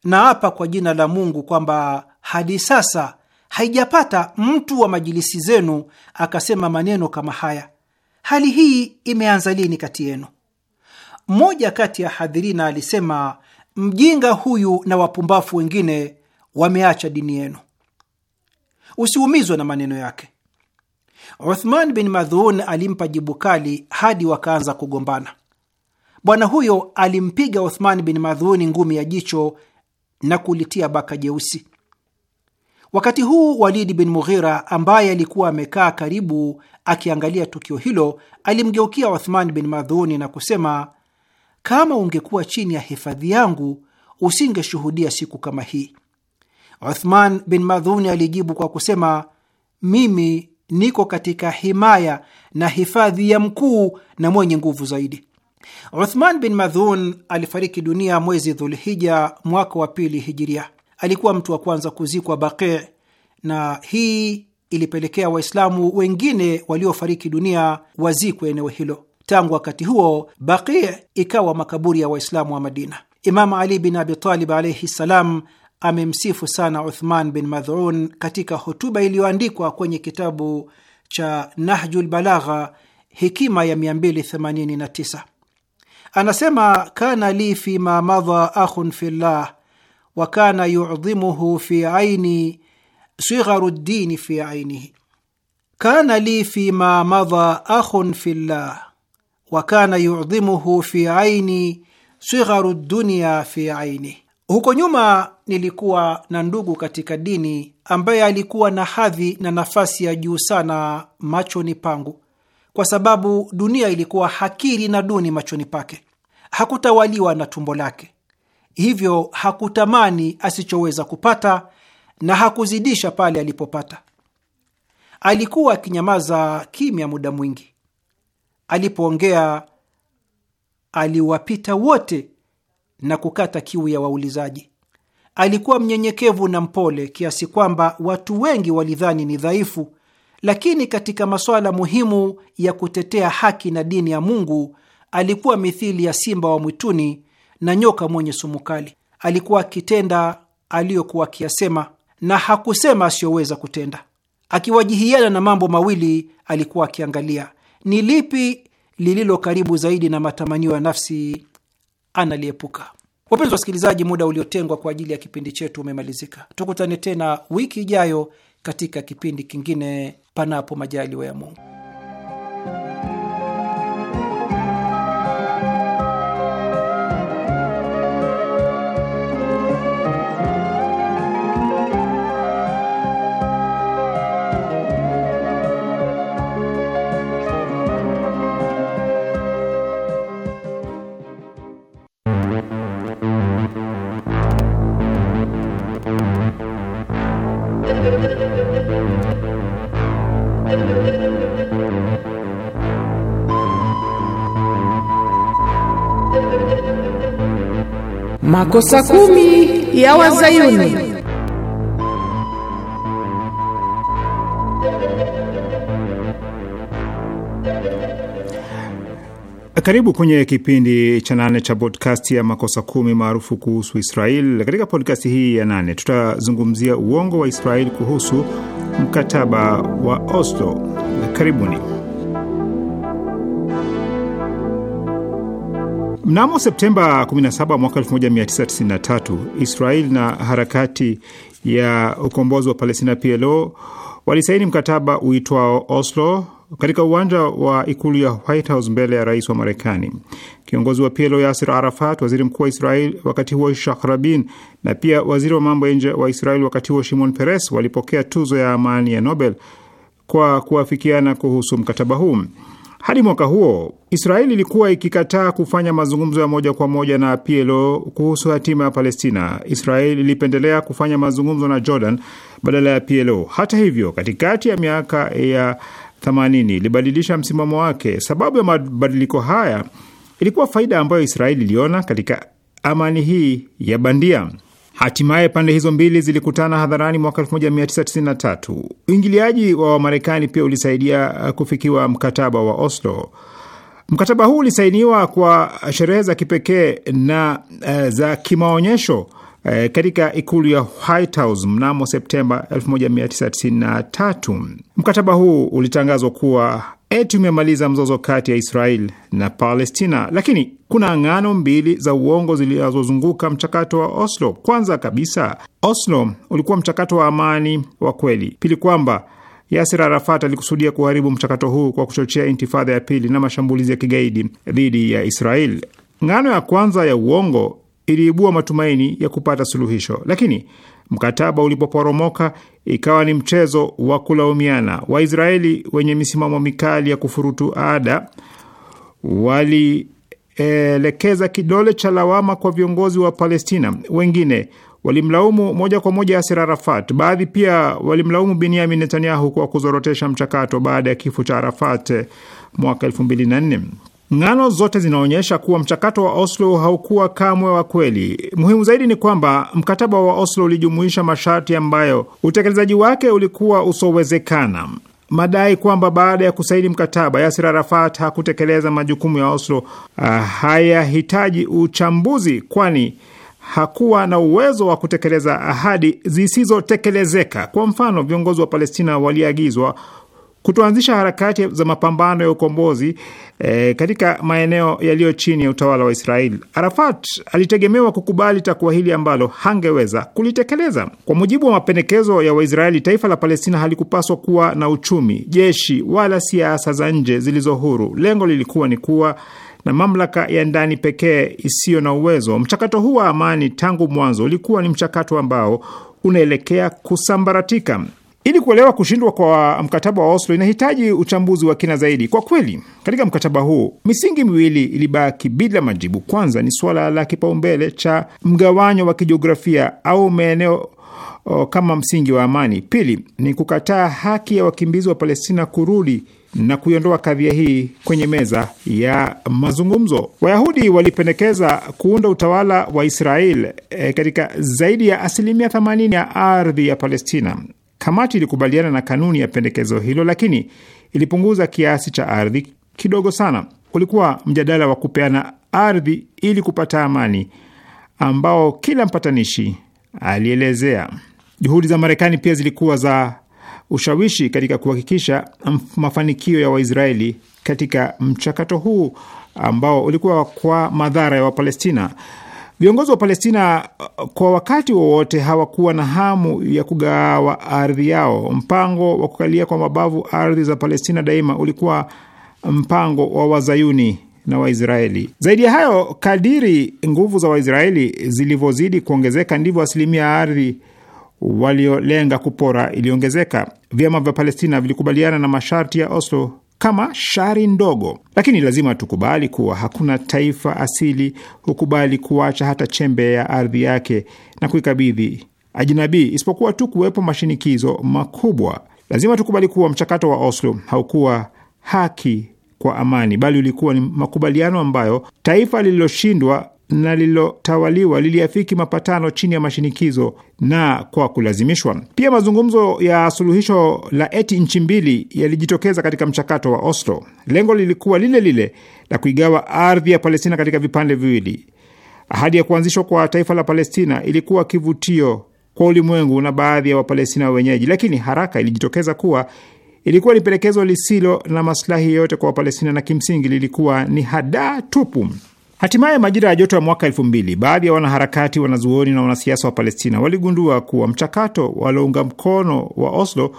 naapa kwa jina la Mungu kwamba hadi sasa haijapata mtu wa majilisi zenu akasema maneno kama haya. Hali hii imeanza lini kati yenu? Mmoja kati ya hadhirina alisema, mjinga huyu na wapumbafu wengine wameacha dini yenu. Usiumizwe na maneno yake. Uthman bin Madhun alimpa jibu kali hadi wakaanza kugombana. Bwana huyo alimpiga Uthman bin Madhuni ngumi ya jicho na kulitia baka jeusi. Wakati huu Walidi bin Mughira ambaye alikuwa amekaa karibu akiangalia tukio hilo alimgeukia Uthman bin Madhuni na kusema, kama ungekuwa chini ya hifadhi yangu usingeshuhudia siku kama hii. Uthman bin Madhuni alijibu kwa kusema, mimi niko katika himaya na hifadhi ya mkuu na mwenye nguvu zaidi. Uthman bin Madhun alifariki dunia mwezi Dhulhija mwaka wa pili hijiria. Alikuwa mtu wa kwanza kuzikwa Baqi, na hii ilipelekea Waislamu wengine waliofariki dunia wazikwe eneo hilo. Tangu wakati huo Baqi ikawa makaburi ya Waislamu wa Madina. Imamu Ali bin Abitalib alaihi ssalam amemsifu sana Uthman bin Madhun katika hotuba iliyoandikwa kwenye kitabu cha nahju lbalagha hikima ya 289 anasema: kana li ma madha akhun llah wa kana yudhimuhu fi aini sigharu ddini fi ainihi kana li ma madha akhun llah wa kana yudhimuhu fi aini sigharu dunia fi aini. Huko nyuma nilikuwa na ndugu katika dini ambaye alikuwa na hadhi na nafasi ya juu sana machoni pangu, kwa sababu dunia ilikuwa hakiri na duni machoni pake. Hakutawaliwa na tumbo lake, hivyo hakutamani asichoweza kupata na hakuzidisha pale alipopata. Alikuwa akinyamaza kimya muda mwingi. Alipoongea aliwapita wote na kukata kiu ya waulizaji. Alikuwa mnyenyekevu na mpole kiasi kwamba watu wengi walidhani ni dhaifu, lakini katika masuala muhimu ya kutetea haki na dini ya Mungu alikuwa mithili ya simba wa mwituni na nyoka mwenye sumu kali. Alikuwa akitenda aliyokuwa akiyasema na hakusema asiyoweza kutenda. Akiwajihiana na mambo mawili alikuwa akiangalia ni lipi lililo karibu zaidi na matamanio ya nafsi analiepuka. Wapenzi wasikilizaji, muda uliotengwa kwa ajili ya kipindi chetu umemalizika. Tukutane tena wiki ijayo katika kipindi kingine, panapo majaliwa ya Mungu. Makosa kumi ya Wazayuni. Karibu kwenye kipindi cha nane cha podcast ya makosa kumi maarufu kuhusu Israel. Katika podcast hii ya nane, tutazungumzia uongo wa Israel kuhusu mkataba wa Oslo. Karibuni. Mnamo Septemba 17 mwaka 1993 Israel na harakati ya ukombozi wa Palestina PLO walisaini mkataba uitwao Oslo katika uwanja wa ikulu ya White House mbele ya rais wa Marekani. Kiongozi wa PLO Yasir Arafat, waziri mkuu wa Israel wakati huo Ishak Rabin na pia waziri wa mambo ya nje wa Israel wakati huo Shimon Peres walipokea tuzo ya amani ya Nobel kwa kuafikiana kuhusu mkataba huu. Hadi mwaka huo Israeli ilikuwa ikikataa kufanya mazungumzo ya moja kwa moja na PLO kuhusu hatima ya Palestina. Israeli ilipendelea kufanya mazungumzo na Jordan badala ya PLO. Hata hivyo, katikati ya miaka ya 80 ilibadilisha msimamo wake. Sababu ya mabadiliko haya ilikuwa faida ambayo Israeli iliona katika amani hii ya bandia. Hatimaye pande hizo mbili zilikutana hadharani mwaka 1993. Uingiliaji wa Wamarekani pia ulisaidia uh, kufikiwa mkataba wa Oslo. Mkataba huu ulisainiwa kwa sherehe za kipekee na uh, za kimaonyesho eh, katika ikulu ya White House mnamo Septemba 1993. Mkataba huu ulitangazwa kuwa eti umemaliza mzozo kati ya Israel na Palestina, lakini kuna ngano mbili za uongo zilizozunguka mchakato wa Oslo. Kwanza kabisa, Oslo ulikuwa mchakato wa amani wa kweli; pili, kwamba Yasir Arafat alikusudia kuharibu mchakato huu kwa kuchochea intifadha ya pili na mashambulizi ya kigaidi dhidi ya Israel. Ngano ya kwanza ya uongo iliibua matumaini ya kupata suluhisho, lakini mkataba ulipoporomoka ikawa ni mchezo wa kulaumiana. Waisraeli wenye misimamo mikali ya kufurutu ada walielekeza kidole cha lawama kwa viongozi wa Palestina. Wengine walimlaumu moja kwa moja Yasir Arafat. Baadhi pia walimlaumu Binyamin Netanyahu kwa kuzorotesha mchakato baada ya kifo cha Arafat mwaka elfu mbili na nne. Ngano zote zinaonyesha kuwa mchakato wa Oslo haukuwa kamwe wa kweli. Muhimu zaidi ni kwamba mkataba wa Oslo ulijumuisha masharti ambayo utekelezaji wake ulikuwa usowezekana. Madai kwamba baada ya kusaini mkataba Yasir Arafat hakutekeleza majukumu ya Oslo uh, hayahitaji uchambuzi, kwani hakuwa na uwezo wa kutekeleza ahadi zisizotekelezeka. Kwa mfano, viongozi wa Palestina waliagizwa kutoanzisha harakati za mapambano ya ukombozi e, katika maeneo yaliyo chini ya utawala wa Israeli. Arafat alitegemewa kukubali takwa hili ambalo hangeweza kulitekeleza. Kwa mujibu wa mapendekezo ya Waisraeli, taifa la Palestina halikupaswa kuwa na uchumi, jeshi wala siasa za nje zilizo huru. Lengo lilikuwa ni kuwa na mamlaka ya ndani pekee isiyo na uwezo. Mchakato huu wa amani tangu mwanzo ulikuwa ni mchakato ambao unaelekea kusambaratika. Ili kuelewa kushindwa kwa mkataba wa Oslo inahitaji uchambuzi wa kina zaidi. Kwa kweli, katika mkataba huu misingi miwili ilibaki bila majibu. Kwanza ni suala la kipaumbele cha mgawanyo wa kijiografia au maeneo kama msingi wa amani. Pili ni kukataa haki ya wakimbizi wa Palestina kurudi na kuiondoa kadhia hii kwenye meza ya mazungumzo. Wayahudi walipendekeza kuunda utawala wa Israel e, katika zaidi ya asilimia 80 ya ardhi ya Palestina. Kamati ilikubaliana na kanuni ya pendekezo hilo, lakini ilipunguza kiasi cha ardhi kidogo sana. Ulikuwa mjadala wa kupeana ardhi ili kupata amani, ambao kila mpatanishi alielezea. Juhudi za Marekani pia zilikuwa za ushawishi katika kuhakikisha mafanikio ya Waisraeli katika mchakato huu ambao ulikuwa kwa madhara ya Wapalestina. Viongozi wa Palestina uh, kwa wakati wowote hawakuwa na hamu ya kugawa ardhi yao. Mpango wa kukalia kwa mabavu ardhi za Palestina daima ulikuwa mpango wa Wazayuni na Waisraeli. Zaidi ya hayo, kadiri nguvu za Waisraeli zilivyozidi kuongezeka, ndivyo asilimia ya ardhi waliolenga kupora iliongezeka. Vyama vya Palestina vilikubaliana na masharti ya Oslo kama shari ndogo, lakini lazima tukubali kuwa hakuna taifa asili hukubali kuacha hata chembe ya ardhi yake na kuikabidhi ajinabii, isipokuwa tu kuwepo mashinikizo makubwa. Lazima tukubali kuwa mchakato wa Oslo haukuwa haki kwa amani, bali ulikuwa ni makubaliano ambayo taifa lililoshindwa na lililotawaliwa liliafiki mapatano chini ya mashinikizo na kwa kulazimishwa. Pia mazungumzo ya suluhisho la eti nchi mbili yalijitokeza katika mchakato wa Oslo. Lengo lilikuwa lile lile la kuigawa ardhi ya Palestina katika vipande viwili. Ahadi ya kuanzishwa kwa taifa la Palestina ilikuwa kivutio kwa ulimwengu na baadhi ya Wapalestina wenyeji, lakini haraka ilijitokeza kuwa ilikuwa ni pendekezo lisilo na masilahi yoyote kwa Wapalestina na kimsingi lilikuwa ni hadaa tupu. Hatimaye majira ya joto ya mwaka elfu mbili, baadhi ya wanaharakati, wanazuoni na wanasiasa wa Palestina waligundua kuwa mchakato waliounga mkono wa Oslo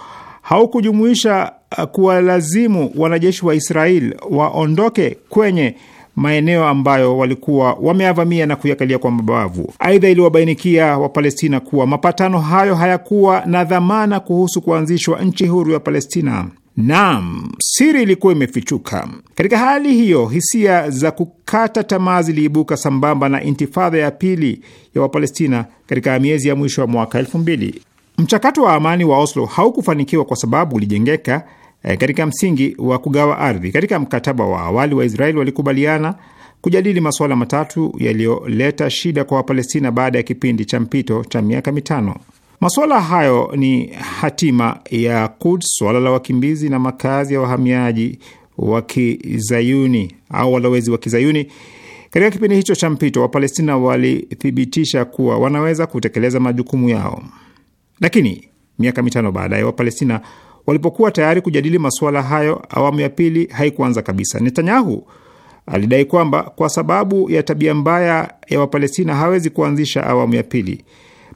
haukujumuisha uh, kuwalazimu wanajeshi wa Israel waondoke kwenye maeneo ambayo walikuwa wameavamia na kuyakalia kwa mabavu. Aidha, iliwabainikia Wapalestina kuwa mapatano hayo hayakuwa na dhamana kuhusu kuanzishwa nchi huru ya Palestina. Naam, siri ilikuwa imefichuka. Katika hali hiyo, hisia za kukata tamaa ziliibuka sambamba na intifadha ya pili ya Wapalestina katika miezi ya mwisho wa mwaka elfu mbili. Mchakato wa amani wa Oslo haukufanikiwa kwa sababu ulijengeka eh, katika msingi wa kugawa ardhi. Katika mkataba wa awali wa Israeli walikubaliana kujadili masuala matatu yaliyoleta shida kwa Wapalestina baada ya kipindi cha mpito cha miaka mitano. Masuala hayo ni hatima ya Quds, swala la wakimbizi na makazi ya wahamiaji wa kizayuni au walowezi wa kizayuni. Katika kipindi hicho cha mpito, Wapalestina walithibitisha kuwa wanaweza kutekeleza majukumu yao, lakini miaka mitano baadaye Wapalestina walipokuwa tayari kujadili masuala hayo, awamu ya pili haikuanza kabisa. Netanyahu alidai kwamba kwa sababu ya tabia mbaya ya Wapalestina hawezi kuanzisha awamu ya pili.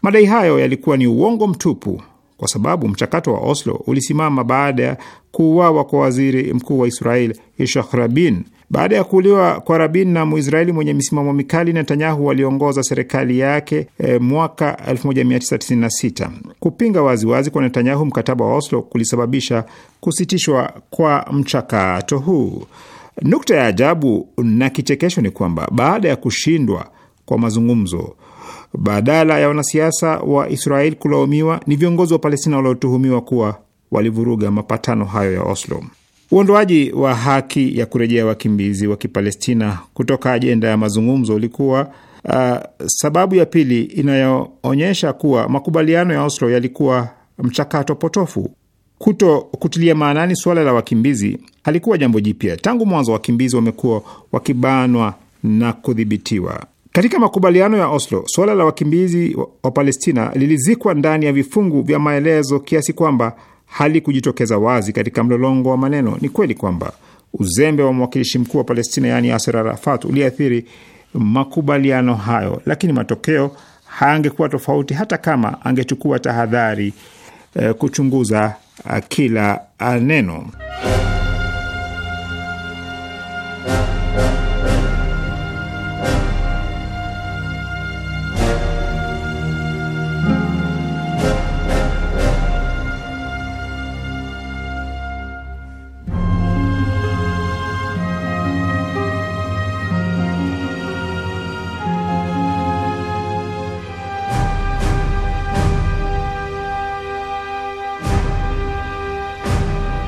Madai hayo yalikuwa ni uongo mtupu kwa sababu mchakato wa Oslo ulisimama baada ya kuuawa kwa waziri mkuu wa Israel Ishak Rabin. Baada ya kuuliwa kwa Rabin na Muisraeli mwenye misimamo mikali, Netanyahu aliongoza serikali yake e, mwaka 1996. Kupinga waziwazi wazi kwa Netanyahu mkataba wa Oslo kulisababisha kusitishwa kwa mchakato huu. Nukta ya ajabu na kichekesho ni kwamba baada ya kushindwa kwa mazungumzo badala ya wanasiasa wa Israel kulaumiwa, ni viongozi wa Palestina waliotuhumiwa kuwa walivuruga mapatano hayo ya Oslo. Uondoaji wa haki ya kurejea wakimbizi wa Kipalestina kutoka ajenda ya mazungumzo ulikuwa uh, sababu ya pili inayoonyesha kuwa makubaliano ya Oslo yalikuwa mchakato potofu. Kuto kutilia maanani suala la wakimbizi halikuwa jambo jipya. Tangu mwanzo wakimbizi wamekuwa wakibanwa na kudhibitiwa. Katika makubaliano ya Oslo, suala la wakimbizi wa Palestina lilizikwa ndani ya vifungu vya maelezo kiasi kwamba halikujitokeza wazi katika mlolongo wa maneno. Ni kweli kwamba uzembe wa mwakilishi mkuu wa Palestina, yaani Yasser Arafat, uliathiri makubaliano hayo, lakini matokeo hayangekuwa tofauti hata kama angechukua tahadhari eh, kuchunguza ah, kila ah, neno.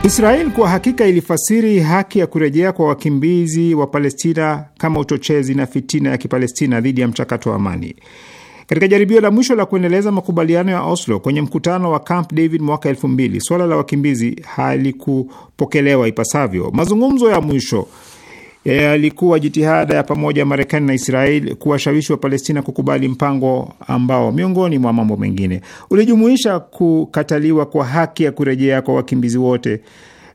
Israel kwa hakika ilifasiri haki ya kurejea kwa wakimbizi wa Palestina kama uchochezi na fitina ya Kipalestina dhidi ya mchakato wa amani. Katika jaribio la mwisho la kuendeleza makubaliano ya Oslo kwenye mkutano wa Camp David mwaka elfu mbili, suala la wakimbizi halikupokelewa ipasavyo. Mazungumzo ya mwisho yalikuwa e, jitihada ya pamoja Marekani na Israel kuwashawishi wa Palestina kukubali mpango ambao miongoni mwa mambo mengine ulijumuisha kukataliwa kwa haki ya kurejea kwa wakimbizi wote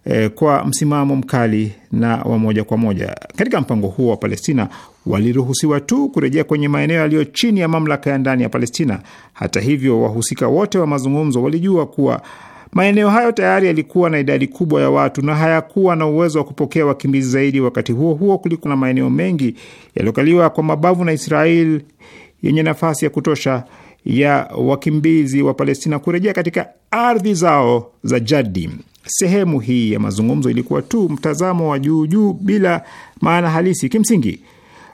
eh, kwa msimamo mkali na wa moja kwa moja. Katika mpango huo wa Palestina waliruhusiwa tu kurejea kwenye maeneo yaliyo chini ya mamlaka ya ndani ya Palestina. Hata hivyo, wahusika wote wa mazungumzo walijua kuwa Maeneo hayo tayari yalikuwa na idadi kubwa ya watu na hayakuwa na uwezo wa kupokea wakimbizi zaidi. Wakati huo huo, kuliko na maeneo mengi yaliyokaliwa kwa mabavu na Israeli yenye nafasi ya kutosha ya wakimbizi wa Palestina kurejea katika ardhi zao za jadi. Sehemu hii ya mazungumzo ilikuwa tu mtazamo wa juu juu bila maana halisi. Kimsingi,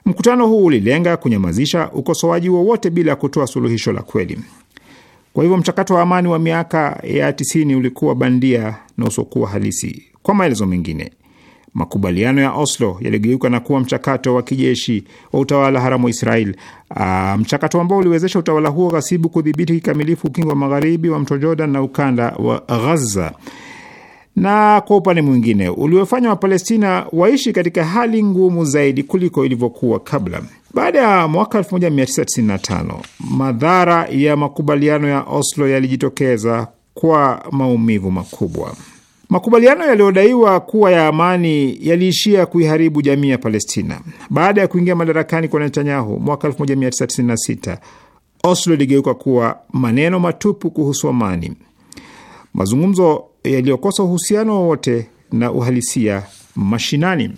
mkutano huu ulilenga kunyamazisha ukosoaji wowote bila kutoa suluhisho la kweli. Kwa hivyo mchakato wa amani wa miaka ya tisini ulikuwa bandia na usiokuwa halisi. Kwa maelezo mengine, makubaliano ya Oslo yaligeuka na kuwa mchakato wa kijeshi wa utawala haramu wa Israel, ah, mchakato ambao uliwezesha utawala huo ghasibu kudhibiti kikamilifu ukingo wa magharibi wa mto Jordan na ukanda wa Ghaza na kwa upande mwingine uliofanya Wapalestina waishi katika hali ngumu zaidi kuliko ilivyokuwa kabla. Baada ya mwaka 1995 madhara ya makubaliano ya Oslo yalijitokeza kwa maumivu makubwa. Makubaliano yaliyodaiwa kuwa ya amani yaliishia kuiharibu jamii ya Palestina. Baada ya kuingia madarakani kwa Netanyahu mwaka 1996, Oslo iligeuka kuwa maneno matupu kuhusu amani. Mazungumzo yaliyokosa uhusiano wowote na uhalisia mashinani.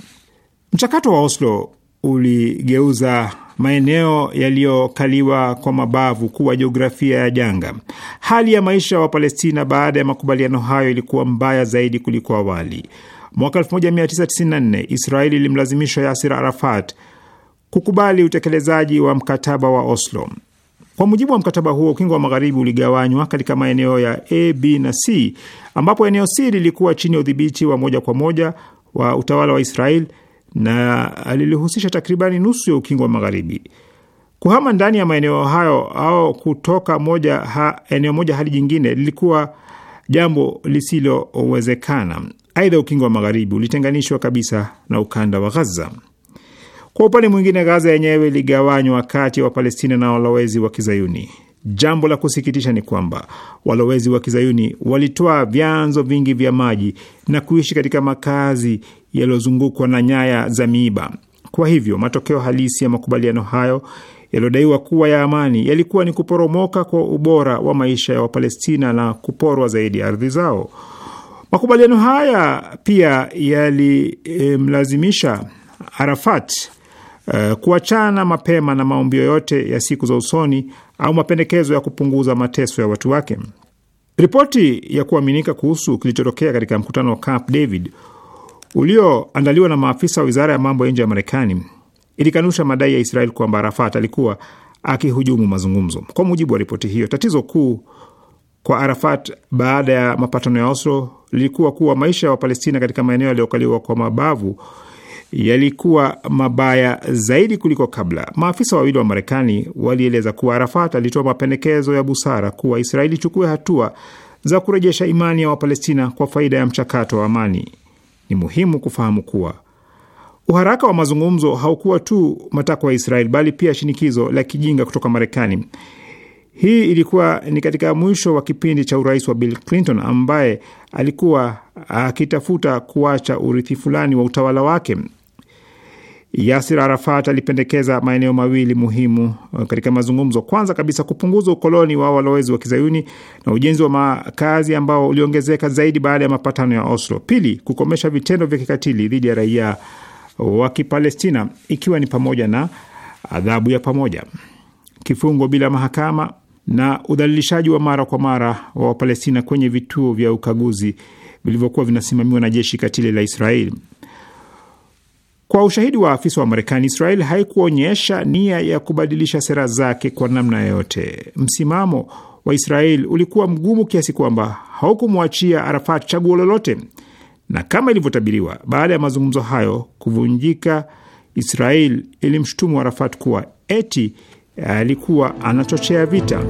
Mchakato wa Oslo uligeuza maeneo yaliyokaliwa kwa mabavu kuwa jiografia ya janga. Hali ya maisha ya wa Wapalestina baada ya makubaliano hayo ilikuwa mbaya zaidi kuliko awali. Mwaka 1994 Israeli ilimlazimisha Yasir Arafat kukubali utekelezaji wa mkataba wa Oslo. Kwa mujibu wa mkataba huo, ukingo wa magharibi uligawanywa katika maeneo ya A, B na C, ambapo eneo C lilikuwa chini ya udhibiti wa moja kwa moja wa utawala wa Israel na lilihusisha takribani nusu ya ukingo wa magharibi. Kuhama ndani ya maeneo hayo au kutoka moja ha, eneo moja hadi jingine lilikuwa jambo lisilowezekana. Aidha, ukingo wa magharibi ulitenganishwa kabisa na ukanda wa Gaza. Kwa upande mwingine, Gaza yenyewe iligawanywa kati ya wa Wapalestina na walowezi wa Kizayuni. Jambo la kusikitisha ni kwamba walowezi wa Kizayuni walitoa vyanzo vingi vya maji na kuishi katika makazi yaliyozungukwa na nyaya za miiba. Kwa hivyo matokeo halisi ya makubaliano hayo yaliyodaiwa kuwa ya amani yalikuwa ni kuporomoka kwa ubora wa maisha ya Wapalestina na kuporwa zaidi ardhi zao. Makubaliano haya pia yalimlazimisha Arafat Eh, kuachana mapema na maombi yoyote ya siku za usoni au mapendekezo ya kupunguza mateso ya watu wake. Ripoti ya kuaminika kuhusu kilichotokea katika mkutano wa Camp David ulioandaliwa na maafisa wa wizara ya mambo ya nje ya Marekani ilikanusha madai ya Israel kwamba Arafat alikuwa akihujumu mazungumzo. Kwa mujibu wa ripoti hiyo, tatizo kuu kwa Arafat baada ya mapatano ya Oslo lilikuwa kuwa maisha ya wa Wapalestina katika maeneo yaliyokaliwa kwa mabavu yalikuwa mabaya zaidi kuliko kabla. Maafisa wawili wa Marekani walieleza kuwa Arafat alitoa mapendekezo ya busara kuwa Israeli ichukue hatua za kurejesha imani ya Wapalestina kwa faida ya mchakato wa amani. Ni muhimu kufahamu kuwa uharaka wa mazungumzo haukuwa tu matakwa ya Israeli bali pia shinikizo la kijinga kutoka Marekani. Hii ilikuwa ni katika mwisho wa kipindi cha urais wa Bill Clinton ambaye alikuwa akitafuta kuacha urithi fulani wa utawala wake. Yasir Arafat alipendekeza maeneo mawili muhimu uh, katika mazungumzo. Kwanza kabisa, kupunguza ukoloni wa walowezi wa kizayuni na ujenzi wa makazi ambao uliongezeka zaidi baada ya mapatano ya Oslo. Pili, kukomesha vitendo vya kikatili dhidi ya raia wa Kipalestina, ikiwa ni pamoja na adhabu ya pamoja, kifungo bila mahakama na udhalilishaji wa mara kwa mara wa Wapalestina kwenye vituo vya ukaguzi vilivyokuwa vinasimamiwa na jeshi katili la Israeli. Kwa ushahidi wa afisa wa Marekani, Israel haikuonyesha nia ya kubadilisha sera zake kwa namna yoyote. Msimamo wa Israel ulikuwa mgumu kiasi kwamba haukumwachia Arafat chaguo lolote, na kama ilivyotabiriwa, baada ya mazungumzo hayo kuvunjika, Israel ilimshutumu Arafat kuwa eti alikuwa anachochea vita.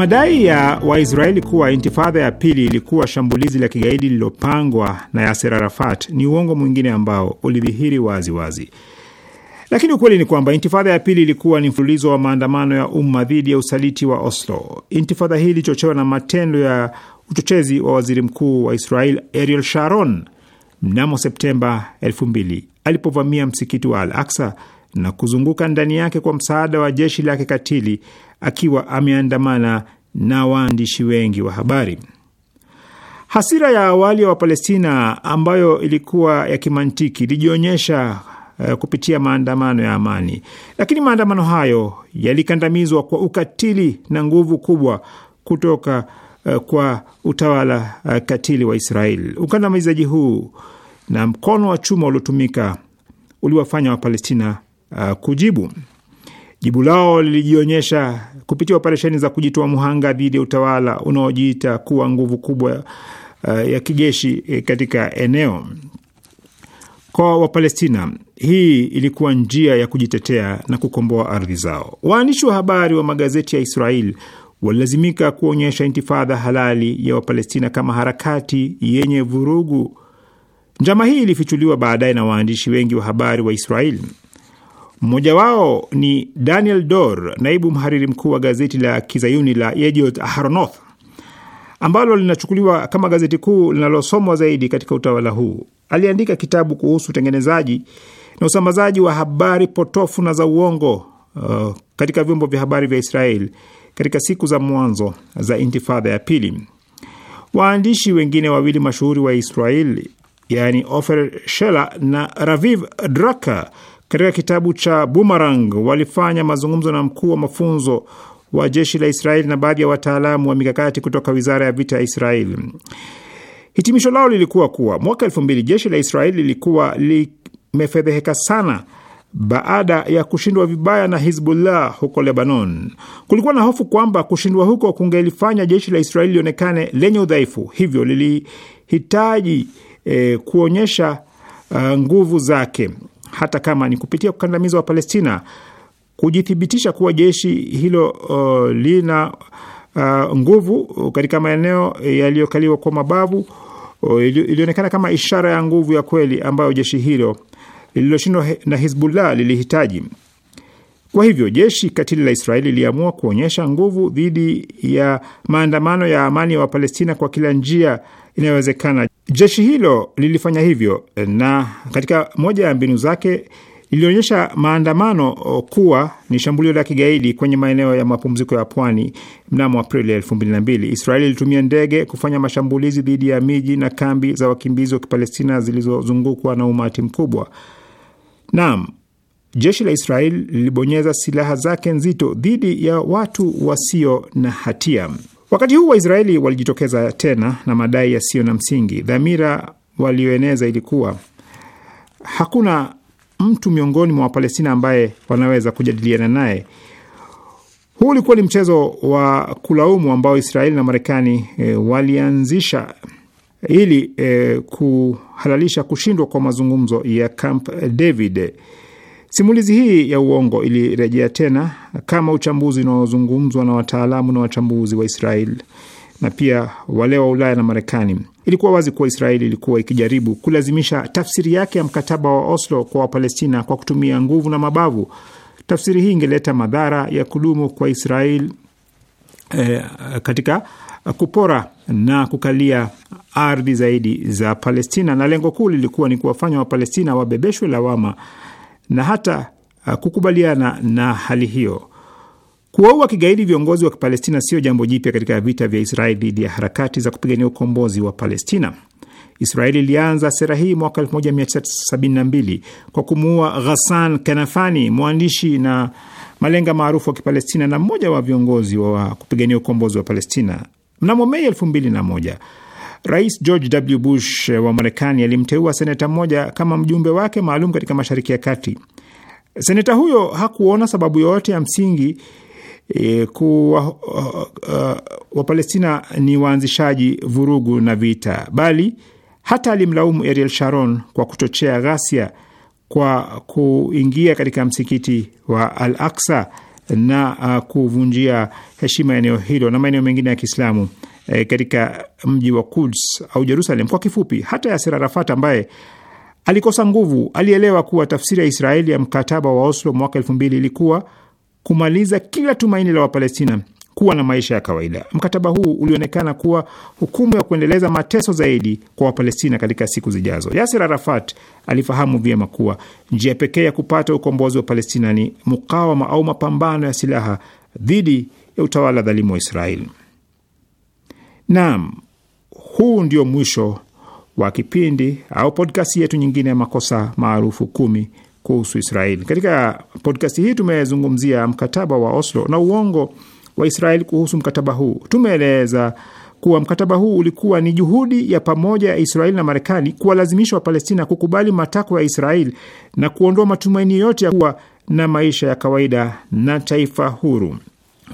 Madai ya Waisraeli kuwa intifadha ya pili ilikuwa shambulizi la kigaidi lililopangwa na Yaser Arafat ni uongo mwingine ambao ulidhihiri wazi wazi. Lakini ukweli ni kwamba intifadha ya pili ilikuwa ni mfululizo wa maandamano ya umma dhidi ya usaliti wa Oslo. Intifadha hii ilichochewa na matendo ya uchochezi wa waziri mkuu wa Israel Ariel Sharon mnamo Septemba 2000 alipovamia msikiti wa Al Aksa na kuzunguka ndani yake kwa msaada wa jeshi la kikatili akiwa ameandamana na waandishi wengi wa habari. Hasira ya awali ya wa Wapalestina ambayo ilikuwa ya kimantiki ilijionyesha uh, kupitia maandamano ya amani, lakini maandamano hayo yalikandamizwa kwa ukatili na nguvu kubwa kutoka uh, kwa utawala uh, katili wa Israeli. Ukandamizaji huu na mkono wa chuma uliotumika uliwafanya Wapalestina uh, kujibu. Jibu lao lilijionyesha kupitia operesheni za kujitoa muhanga dhidi ya utawala unaojiita kuwa nguvu kubwa uh, ya kijeshi eh, katika eneo. Kwa Wapalestina, hii ilikuwa njia ya kujitetea na kukomboa ardhi zao. Waandishi wa habari wa magazeti ya Israel walilazimika kuonyesha intifadha halali ya Wapalestina kama harakati yenye vurugu. Njama hii ilifichuliwa baadaye na waandishi wengi wa habari wa Israel. Mmoja wao ni Daniel Dor, naibu mhariri mkuu wa gazeti la kizayuni la Yediot Ahronoth ambalo linachukuliwa kama gazeti kuu linalosomwa zaidi katika utawala huu. Aliandika kitabu kuhusu utengenezaji na usambazaji wa habari potofu na za uongo uh, katika vyombo vya habari vya israel katika siku za mwanzo za intifadha ya pili. Waandishi wengine wawili mashuhuri wa Israeli yani Ofer Shela na Raviv Draka katika kitabu cha Bumarang walifanya mazungumzo na mkuu wa mafunzo wa jeshi la Israeli na baadhi ya wataalamu wa mikakati kutoka wizara ya vita ya Israeli. Hitimisho lao lilikuwa kuwa mwaka elfu mbili jeshi la Israeli lilikuwa limefedheheka sana baada ya kushindwa vibaya na Hizbullah huko Lebanon. Kulikuwa na hofu kwamba kushindwa huko kungelifanya jeshi la Israeli lionekane lenye udhaifu, hivyo lilihitaji eh, kuonyesha uh, nguvu zake hata kama ni kupitia kukandamizwa wa Palestina, kujithibitisha kuwa jeshi hilo uh, lina uh, nguvu katika maeneo yaliyokaliwa kwa mabavu uh, ilionekana kama ishara ya nguvu ya kweli ambayo jeshi hilo lililoshindwa na Hizbullah lilihitaji. Kwa hivyo jeshi katili la Israeli liliamua kuonyesha nguvu dhidi ya maandamano ya amani ya wa Wapalestina kwa kila njia inayowezekana. Jeshi hilo lilifanya hivyo, na katika moja ya mbinu zake lilionyesha maandamano kuwa ni shambulio la kigaidi kwenye maeneo ya mapumziko ya pwani. Mnamo Aprili elfu mbili na mbili, Israeli ilitumia ndege kufanya mashambulizi dhidi ya miji na kambi za wakimbizi wa Kipalestina zilizozungukwa na umati mkubwa. Naam, jeshi la Israel lilibonyeza silaha zake nzito dhidi ya watu wasio na hatia. Wakati huu Waisraeli walijitokeza tena na madai yasiyo na msingi. Dhamira walioeneza ilikuwa hakuna mtu miongoni mwa Wapalestina ambaye wanaweza kujadiliana naye. Huu ulikuwa ni mchezo wa kulaumu ambao Israeli na Marekani e, walianzisha ili e, kuhalalisha kushindwa kwa mazungumzo ya Camp David. Simulizi hii ya uongo ilirejea tena kama uchambuzi unaozungumzwa na wataalamu na wachambuzi wa israel na pia wale wa Ulaya na Marekani. Ilikuwa wazi kuwa Israeli ilikuwa ikijaribu kulazimisha tafsiri yake ya mkataba wa Oslo kwa Wapalestina kwa kutumia nguvu na mabavu. Tafsiri hii ingeleta madhara ya kudumu kwa Israeli eh, katika kupora na kukalia ardhi zaidi za Palestina, na lengo kuu lilikuwa ni kuwafanya Wapalestina wabebeshwe lawama na hata uh, kukubaliana na hali hiyo. Kuwaua kigaidi viongozi wa Kipalestina sio jambo jipya katika vita vya Israeli dhidi ya harakati za kupigania ukombozi wa Palestina. Israeli ilianza sera hii mwaka 1972 kwa kumuua Ghassan Kanafani, mwandishi na malenga maarufu wa Kipalestina na mmoja wa viongozi wa kupigania ukombozi wa Palestina. Mnamo Mei 2001 Rais George W. Bush eh, wa Marekani alimteua seneta mmoja kama mjumbe wake maalum katika Mashariki ya Kati. Seneta huyo hakuona sababu yoyote ya msingi e, kuwa uh, eh, uh, Wapalestina ni waanzishaji vurugu na vita, bali hata alimlaumu Ariel Sharon kwa kuchochea ghasia kwa kuingia katika msikiti wa Al Aksa na uh, kuvunjia heshima eneo hilo na maeneo mengine ya Kiislamu e, katika mji wa Kuds au Jerusalem kwa kifupi. Hata Yasser Arafat ambaye alikosa nguvu alielewa kuwa tafsiri ya Israeli ya mkataba wa Oslo mwaka elfu mbili ilikuwa kumaliza kila tumaini la Wapalestina kuwa na maisha ya kawaida. Mkataba huu ulionekana kuwa hukumu ya kuendeleza mateso zaidi kwa Wapalestina katika siku zijazo. Yasir Arafat alifahamu vyema kuwa njia pekee ya kupata ukombozi wa Palestina ni mukawama au mapambano ya silaha dhidi ya utawala dhalimu wa Israeli. Naam, huu ndio mwisho wa kipindi au podkasti yetu nyingine ya makosa maarufu kumi kuhusu Israeli. Katika podkasti hii tumezungumzia mkataba wa Oslo na uongo wa Israeli kuhusu mkataba huu. Tumeeleza kuwa mkataba huu ulikuwa ni juhudi ya pamoja ya Israeli na Marekani kuwalazimisha Wapalestina kukubali matakwa ya Israeli na kuondoa matumaini yote ya kuwa na maisha ya kawaida na taifa huru.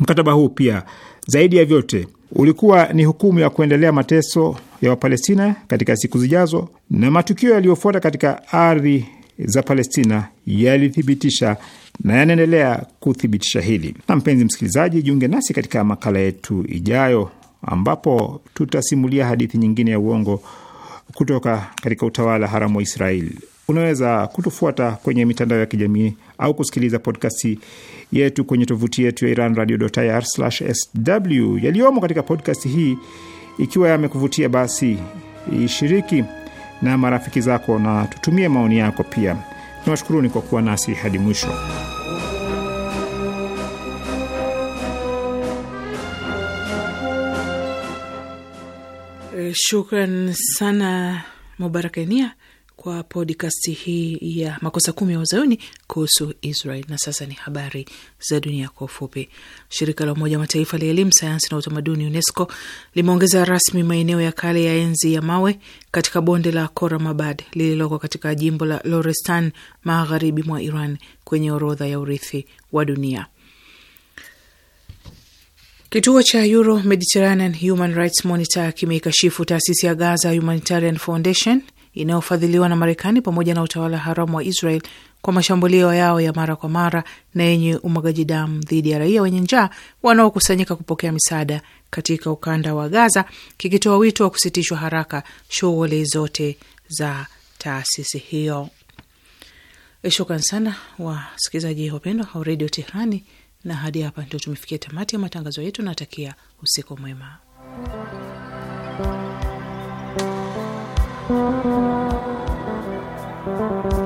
Mkataba huu pia zaidi ya vyote ulikuwa ni hukumu ya kuendelea mateso ya Wapalestina katika siku zijazo, na matukio yaliyofuata katika ardhi za Palestina yalithibitisha na yanaendelea kuthibitisha hili. Na mpenzi msikilizaji, jiunge nasi katika makala yetu ijayo, ambapo tutasimulia hadithi nyingine ya uongo kutoka katika utawala haramu wa Israeli. Unaweza kutufuata kwenye mitandao ya kijamii au kusikiliza podkasti yetu kwenye tovuti yetu ya iranradio.ir/sw. Yaliyomo katika podcast hii, ikiwa yamekuvutia, basi ishiriki na marafiki zako na tutumie maoni yako pia. Tunawashukuruni kwa kuwa nasi hadi mwisho. Eh, shukran sana Mubarakenia kwa podkasti hii ya makosa kumi ya uzayuni kuhusu Israel. Na sasa ni habari za dunia kwa ufupi. Shirika la Umoja wa Mataifa la elimu, sayansi na utamaduni, UNESCO, limeongeza rasmi maeneo ya kale ya enzi ya mawe katika bonde la Koramabad lililoko katika jimbo la Lorestan, magharibi mwa Iran, kwenye orodha ya urithi wa dunia. Kituo cha Euro Mediterranean Human Rights Monitor kimeikashifu taasisi ya Gaza Humanitarian Foundation inayofadhiliwa na Marekani pamoja na utawala haramu wa Israel kwa mashambulio yao ya mara kwa mara na yenye umwagaji damu dhidi ya raia wenye njaa wanaokusanyika kupokea misaada katika ukanda wa Gaza, kikitoa wito wa kusitishwa haraka shughuli zote za taasisi hiyo. Eh, shukran sana wasikilizaji wapendwa wa Redio Tehrani, na hadi hapa ndio tumefikia tamati ya matangazo yetu. Natakia usiku mwema. Thank you. Thank you.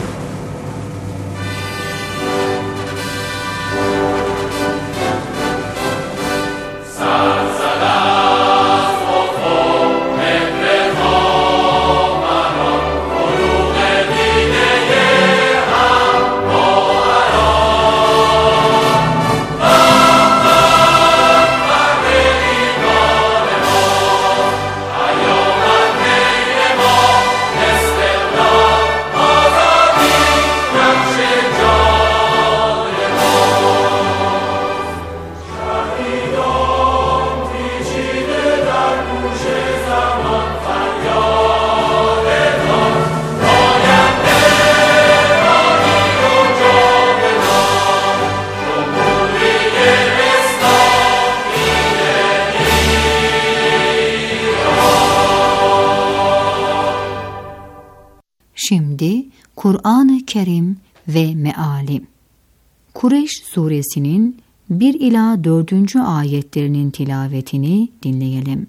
suresinin 1 ila 4. ayetlerinin tilavetini dinleyelim.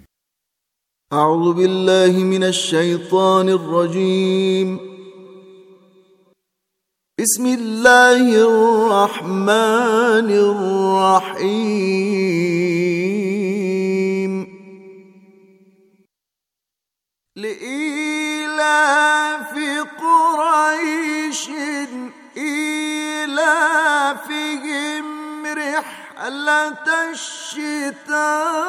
Euzu billahi mineşşeytanirracim. Bismillahirrahmanirrahim. رحلة الشتاء